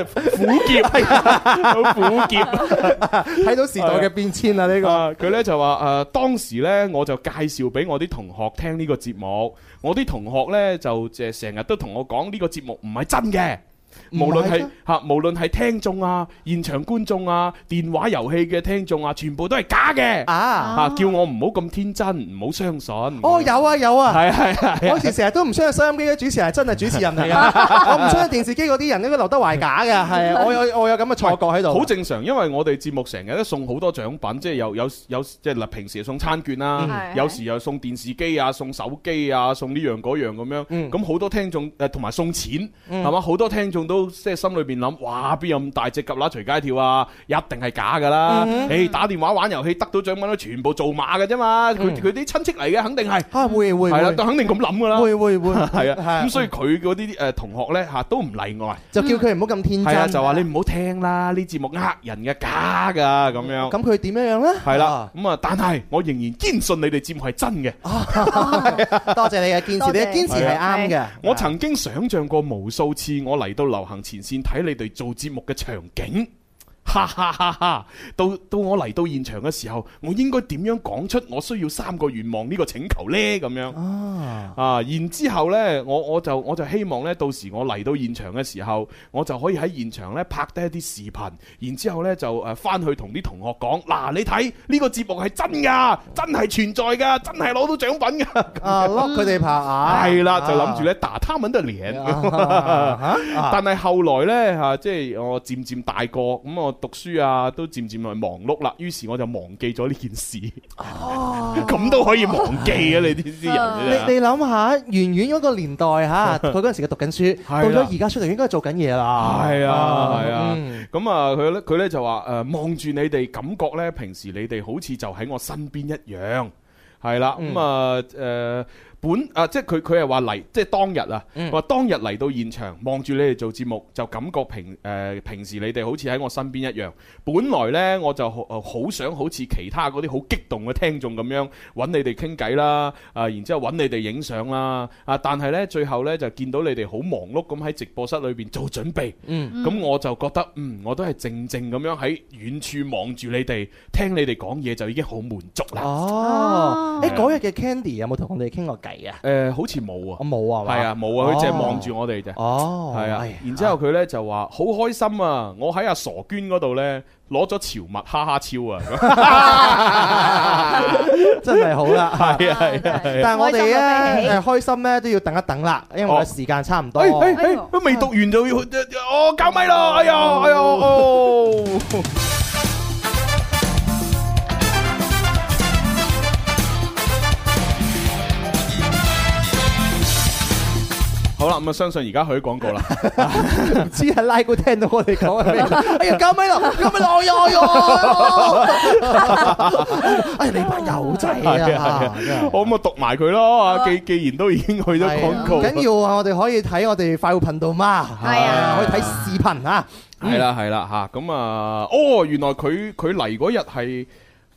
苦澀係啊，好苦澀。睇 <laughs> 到時代嘅變遷 <laughs> 啊！啊呢個佢呢就話誒、呃，當時呢我就介紹俾我啲同學聽呢個節目，我啲同學呢，就成日都同我講呢個節目唔係真嘅。無論係吓，無論係聽眾啊、現場觀眾啊、電話遊戲嘅聽眾啊，全部都係假嘅啊！吓，叫我唔好咁天真，唔好相信。哦，有啊有啊，係係，我以前成日都唔相信收音機啲主持人係真係主持人嚟噶，我唔相信電視機嗰啲人咧，劉德華係假嘅係，我有我有咁嘅錯覺喺度。好正常，因為我哋節目成日都送好多獎品，即係有有有即係平時送餐券啦，有時又送電視機啊、送手機啊、送呢樣嗰樣咁樣。咁好多聽眾誒，同埋送錢係嘛，好多聽眾。都即係心裏邊諗，哇邊有咁大隻蛤乸隨街跳啊！一定係假噶啦。誒打電話玩遊戲得到獎品都全部做馬噶啫嘛。佢佢啲親戚嚟嘅，肯定係啊，會會係啦，都肯定咁諗噶啦。會會會係啊，咁所以佢嗰啲誒同學咧吓都唔例外，就叫佢唔好咁天真。係啊，就話你唔好聽啦，呢節目呃人嘅假噶咁樣。咁佢點樣樣咧？係啦，咁啊，但係我仍然堅信你哋節目係真嘅。多謝你嘅堅持，你堅持係啱嘅。我曾經想象過無數次，我嚟到。流行前線睇你哋做節目嘅場景。哈哈哈！哈到 <laughs> 到我嚟到現場嘅時候，我應該點樣講出我需要三個願望呢個請求呢？咁樣啊，啊，然之後呢，我我就我就希望咧，到時我嚟到現場嘅時候，我就可以喺現場呢拍低一啲視頻，然之後呢就誒翻去同啲同學講嗱、啊，你睇呢、呢個節目係真㗎，真係存在㗎，真係攞到獎品㗎、啊。啊，佢哋拍啊，係啦，就諗住呢，打他們的臉。嗯啊、 <laughs> 但係後來呢，嚇、啊，即係我漸漸大個咁、嗯、我。讀書啊，都漸漸咪忙碌啦，於是我就忘記咗呢件事。哦，咁都可以忘記啊！你啲、啲人，你你諗下，圓圓嗰個年代吓，佢嗰陣時嘅讀緊書，到咗而家出嚟應該做緊嘢啦。係啊係啊，咁啊佢咧佢咧就話誒，望住你哋，感覺咧平時你哋好似就喺我身邊一樣，係啦，咁啊誒。本啊，即係佢佢係話嚟，即係當日啊，話、嗯、當日嚟到現場望住你哋做節目，就感覺平誒、呃、平時你哋好似喺我身邊一樣，本來咧我就好好想好似其他啲好激動嘅聽眾咁樣揾你哋傾偈啦，啊然之後揾你哋影相啦，啊但係咧最後咧就見到你哋好忙碌咁喺直播室裏邊做準備嗯，咁、嗯、我就覺得嗯我都係靜靜咁樣喺遠處望住你哋聽你哋講嘢就已經好滿足啦。哦，嗰日嘅 Candy 有冇同我哋傾過偈？誒，好似冇啊，冇啊，係啊，冇啊，佢淨係望住我哋啫，係啊，然之後佢咧就話好開心啊，我喺阿傻娟嗰度咧攞咗潮物哈哈超啊，真係好啦，係啊，係啊，但係我哋咧係開心咧都要等一等啦，因為時間差唔多，都未讀完就要，去搞咪囉，哎呀哎呀。好啦，咁啊，相信而家去廣告啦。唔 <laughs> 知係拉哥聽到我哋講係咩？哎呀，咁啊，咁啊，內容，又又又 <laughs> 哎呀，你班友仔啊！是是是是好，咁啊，讀埋佢咯。既既然都已經去咗廣告，唔緊要啊，啊！我哋可以睇我哋快活頻道嘛，係啊，可以睇視頻、嗯、啊。係啦、啊，係啦、啊，嚇、嗯，咁啊、嗯啊，啊，嗯、啊，哦，原來佢佢嚟嗰日係。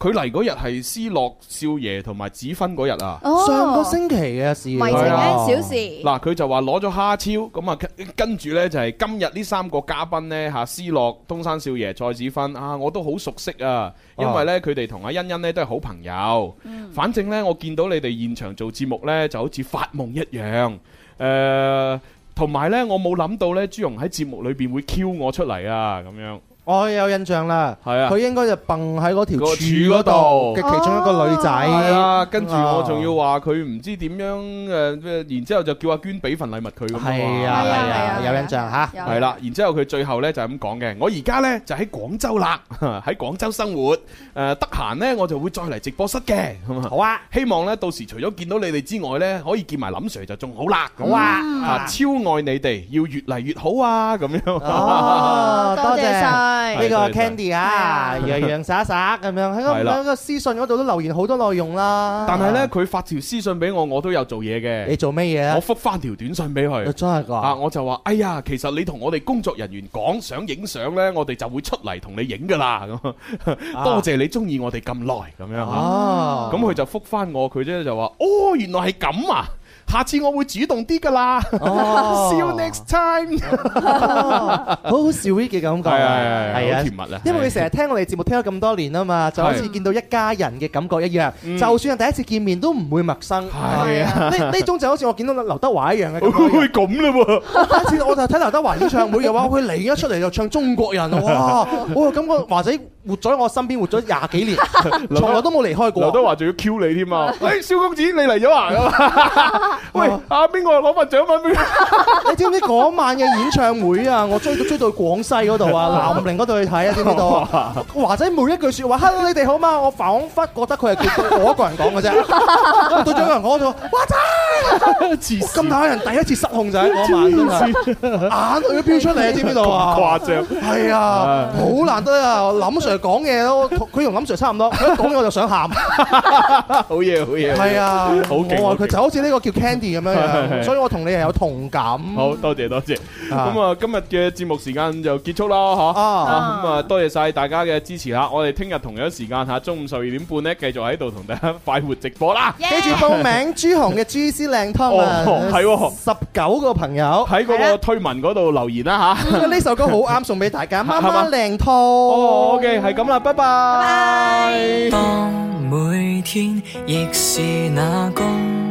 佢嚟嗰日係思樂少爺同埋子芬嗰日啊，上個星期嘅事啦，迷你 N 小時。嗱，佢就話攞咗蝦超，咁啊跟住咧就係今日呢三個嘉賓咧嚇，思樂、東山少爺、蔡子芬啊，我都好熟悉啊，因為咧佢哋同阿欣欣咧都係好朋友。反正咧我見到你哋現場做節目咧，就好似發夢一樣。誒，同埋咧我冇諗到咧，朱蓉喺節目裏邊會 Q 我出嚟啊，咁樣。我有印象啦，係啊，佢應該就蹦喺嗰條柱嗰度嘅其中一個女仔，跟住我仲要話佢唔知點樣誒，然之後就叫阿娟俾份禮物佢咁啊，係啊係啊，有印象吓，係啦，然之後佢最後咧就係咁講嘅，我而家咧就喺廣州啦，喺廣州生活，誒，得閒咧我就會再嚟直播室嘅，好啊，希望咧到時除咗見到你哋之外咧，可以見埋林 Sir 就仲好啦，好啊，吓超愛你哋，要越嚟越好啊，咁樣，哦，多謝。呢、哎、個 Candy 啊，洋洋灑灑咁樣喺個喺個私信嗰度都留言好多內容啦。但係呢，佢、啊、發條私信俾我，我都有做嘢嘅。你做咩嘢啊？我覆翻條短信俾佢。真係噶，我就話：哎呀，其實你同我哋工作人員講想影相呢，我哋就會出嚟同你影噶啦。咁 <laughs> 多謝你中意我哋咁耐咁樣。哦，咁佢就覆翻我，佢啫，就話：哦，原來係咁啊！下次我會主動啲㗎啦。See you next time，好 <laughs> 好笑呢嘅感覺，係啊，甜蜜啊。因為你成日聽我哋節目聽咗咁多年啊嘛，就好似見到一家人嘅感覺一樣。就算係第一次見面都唔會陌生。係是啊、嗯，呢呢種就好似我見到劉德華一樣嘅。會咁啦喎，第一次我就睇劉德華演唱會我會嘅話，佢嚟一出嚟就唱《中國人》哇，我感覺華仔活咗我身邊活咗廿幾年，從來都冇離開過。劉德華仲要 Q 你添啊？喂、欸，蕭公子你嚟咗啊？ <laughs> 喂，阿邊個攞份獎品俾你？你知唔知嗰晚嘅演唱會啊？我追到追到廣西嗰度啊，南寧嗰度去睇啊！知唔知道？華仔每一句說話，hello 你哋好嘛？我仿佛覺得佢係叫到我一個人講嘅啫。到咗一個人講咗話，華仔，咁大人第一次失控就喺晚。眼淚都飆出嚟啊！知唔知道啊？誇張係啊，好難得啊！林 sir 講嘢咯，佢同林 sir 差唔多，佢一講嘢我就想喊。好嘢，好嘢。係啊，好勁。我話佢就好似呢個叫。咁樣所以我同你又有同感。好多謝，多謝，咁啊今日嘅節目時間就結束啦嚇。啊，咁啊多謝晒大家嘅支持啦！我哋聽日同樣時間嚇，中午十二點半咧，繼續喺度同大家快活直播啦。記住報名豬紅嘅豬醫師靚湯。哦，係喎。十九個朋友喺嗰個推文嗰度留言啦嚇。呢首歌好啱送俾大家，媽媽靚湯。哦，OK，係咁啦，拜拜。拜。當每天亦是那公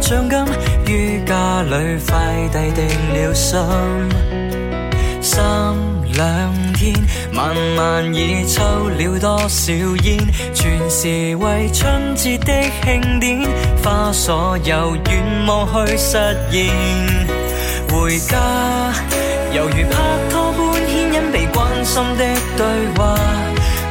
獎金於家裏快遞定了心，三兩天慢慢已抽了多少煙，全是為春節的慶典，花所有願望去實現。回家猶如拍拖般牽引被關心的對話。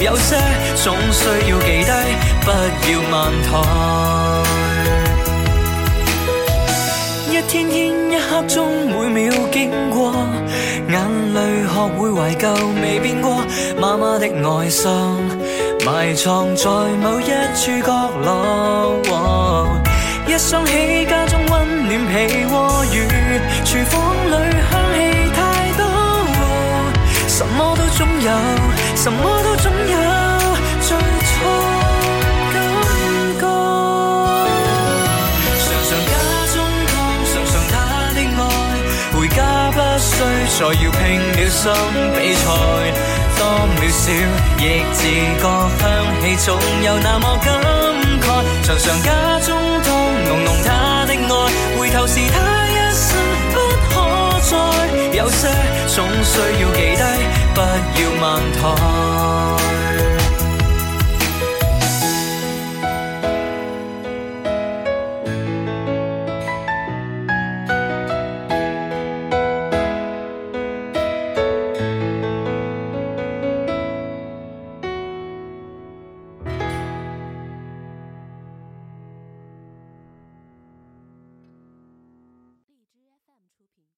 有些總需要記低，不要忘台。一天天一刻鐘每秒經過，眼淚學會懷舊未變過。媽媽的愛傷埋藏在某一處角落。哦、一想起家中溫暖被窩與廚房裏香氣太多、哦，什麼都總有什麼都。再要拼了，心比賽，多渺笑，亦自覺香氣總有那麼感慨。常常家中湯，濃濃她的愛，回頭時他一生不可再。有些總需要記低，不要忘記。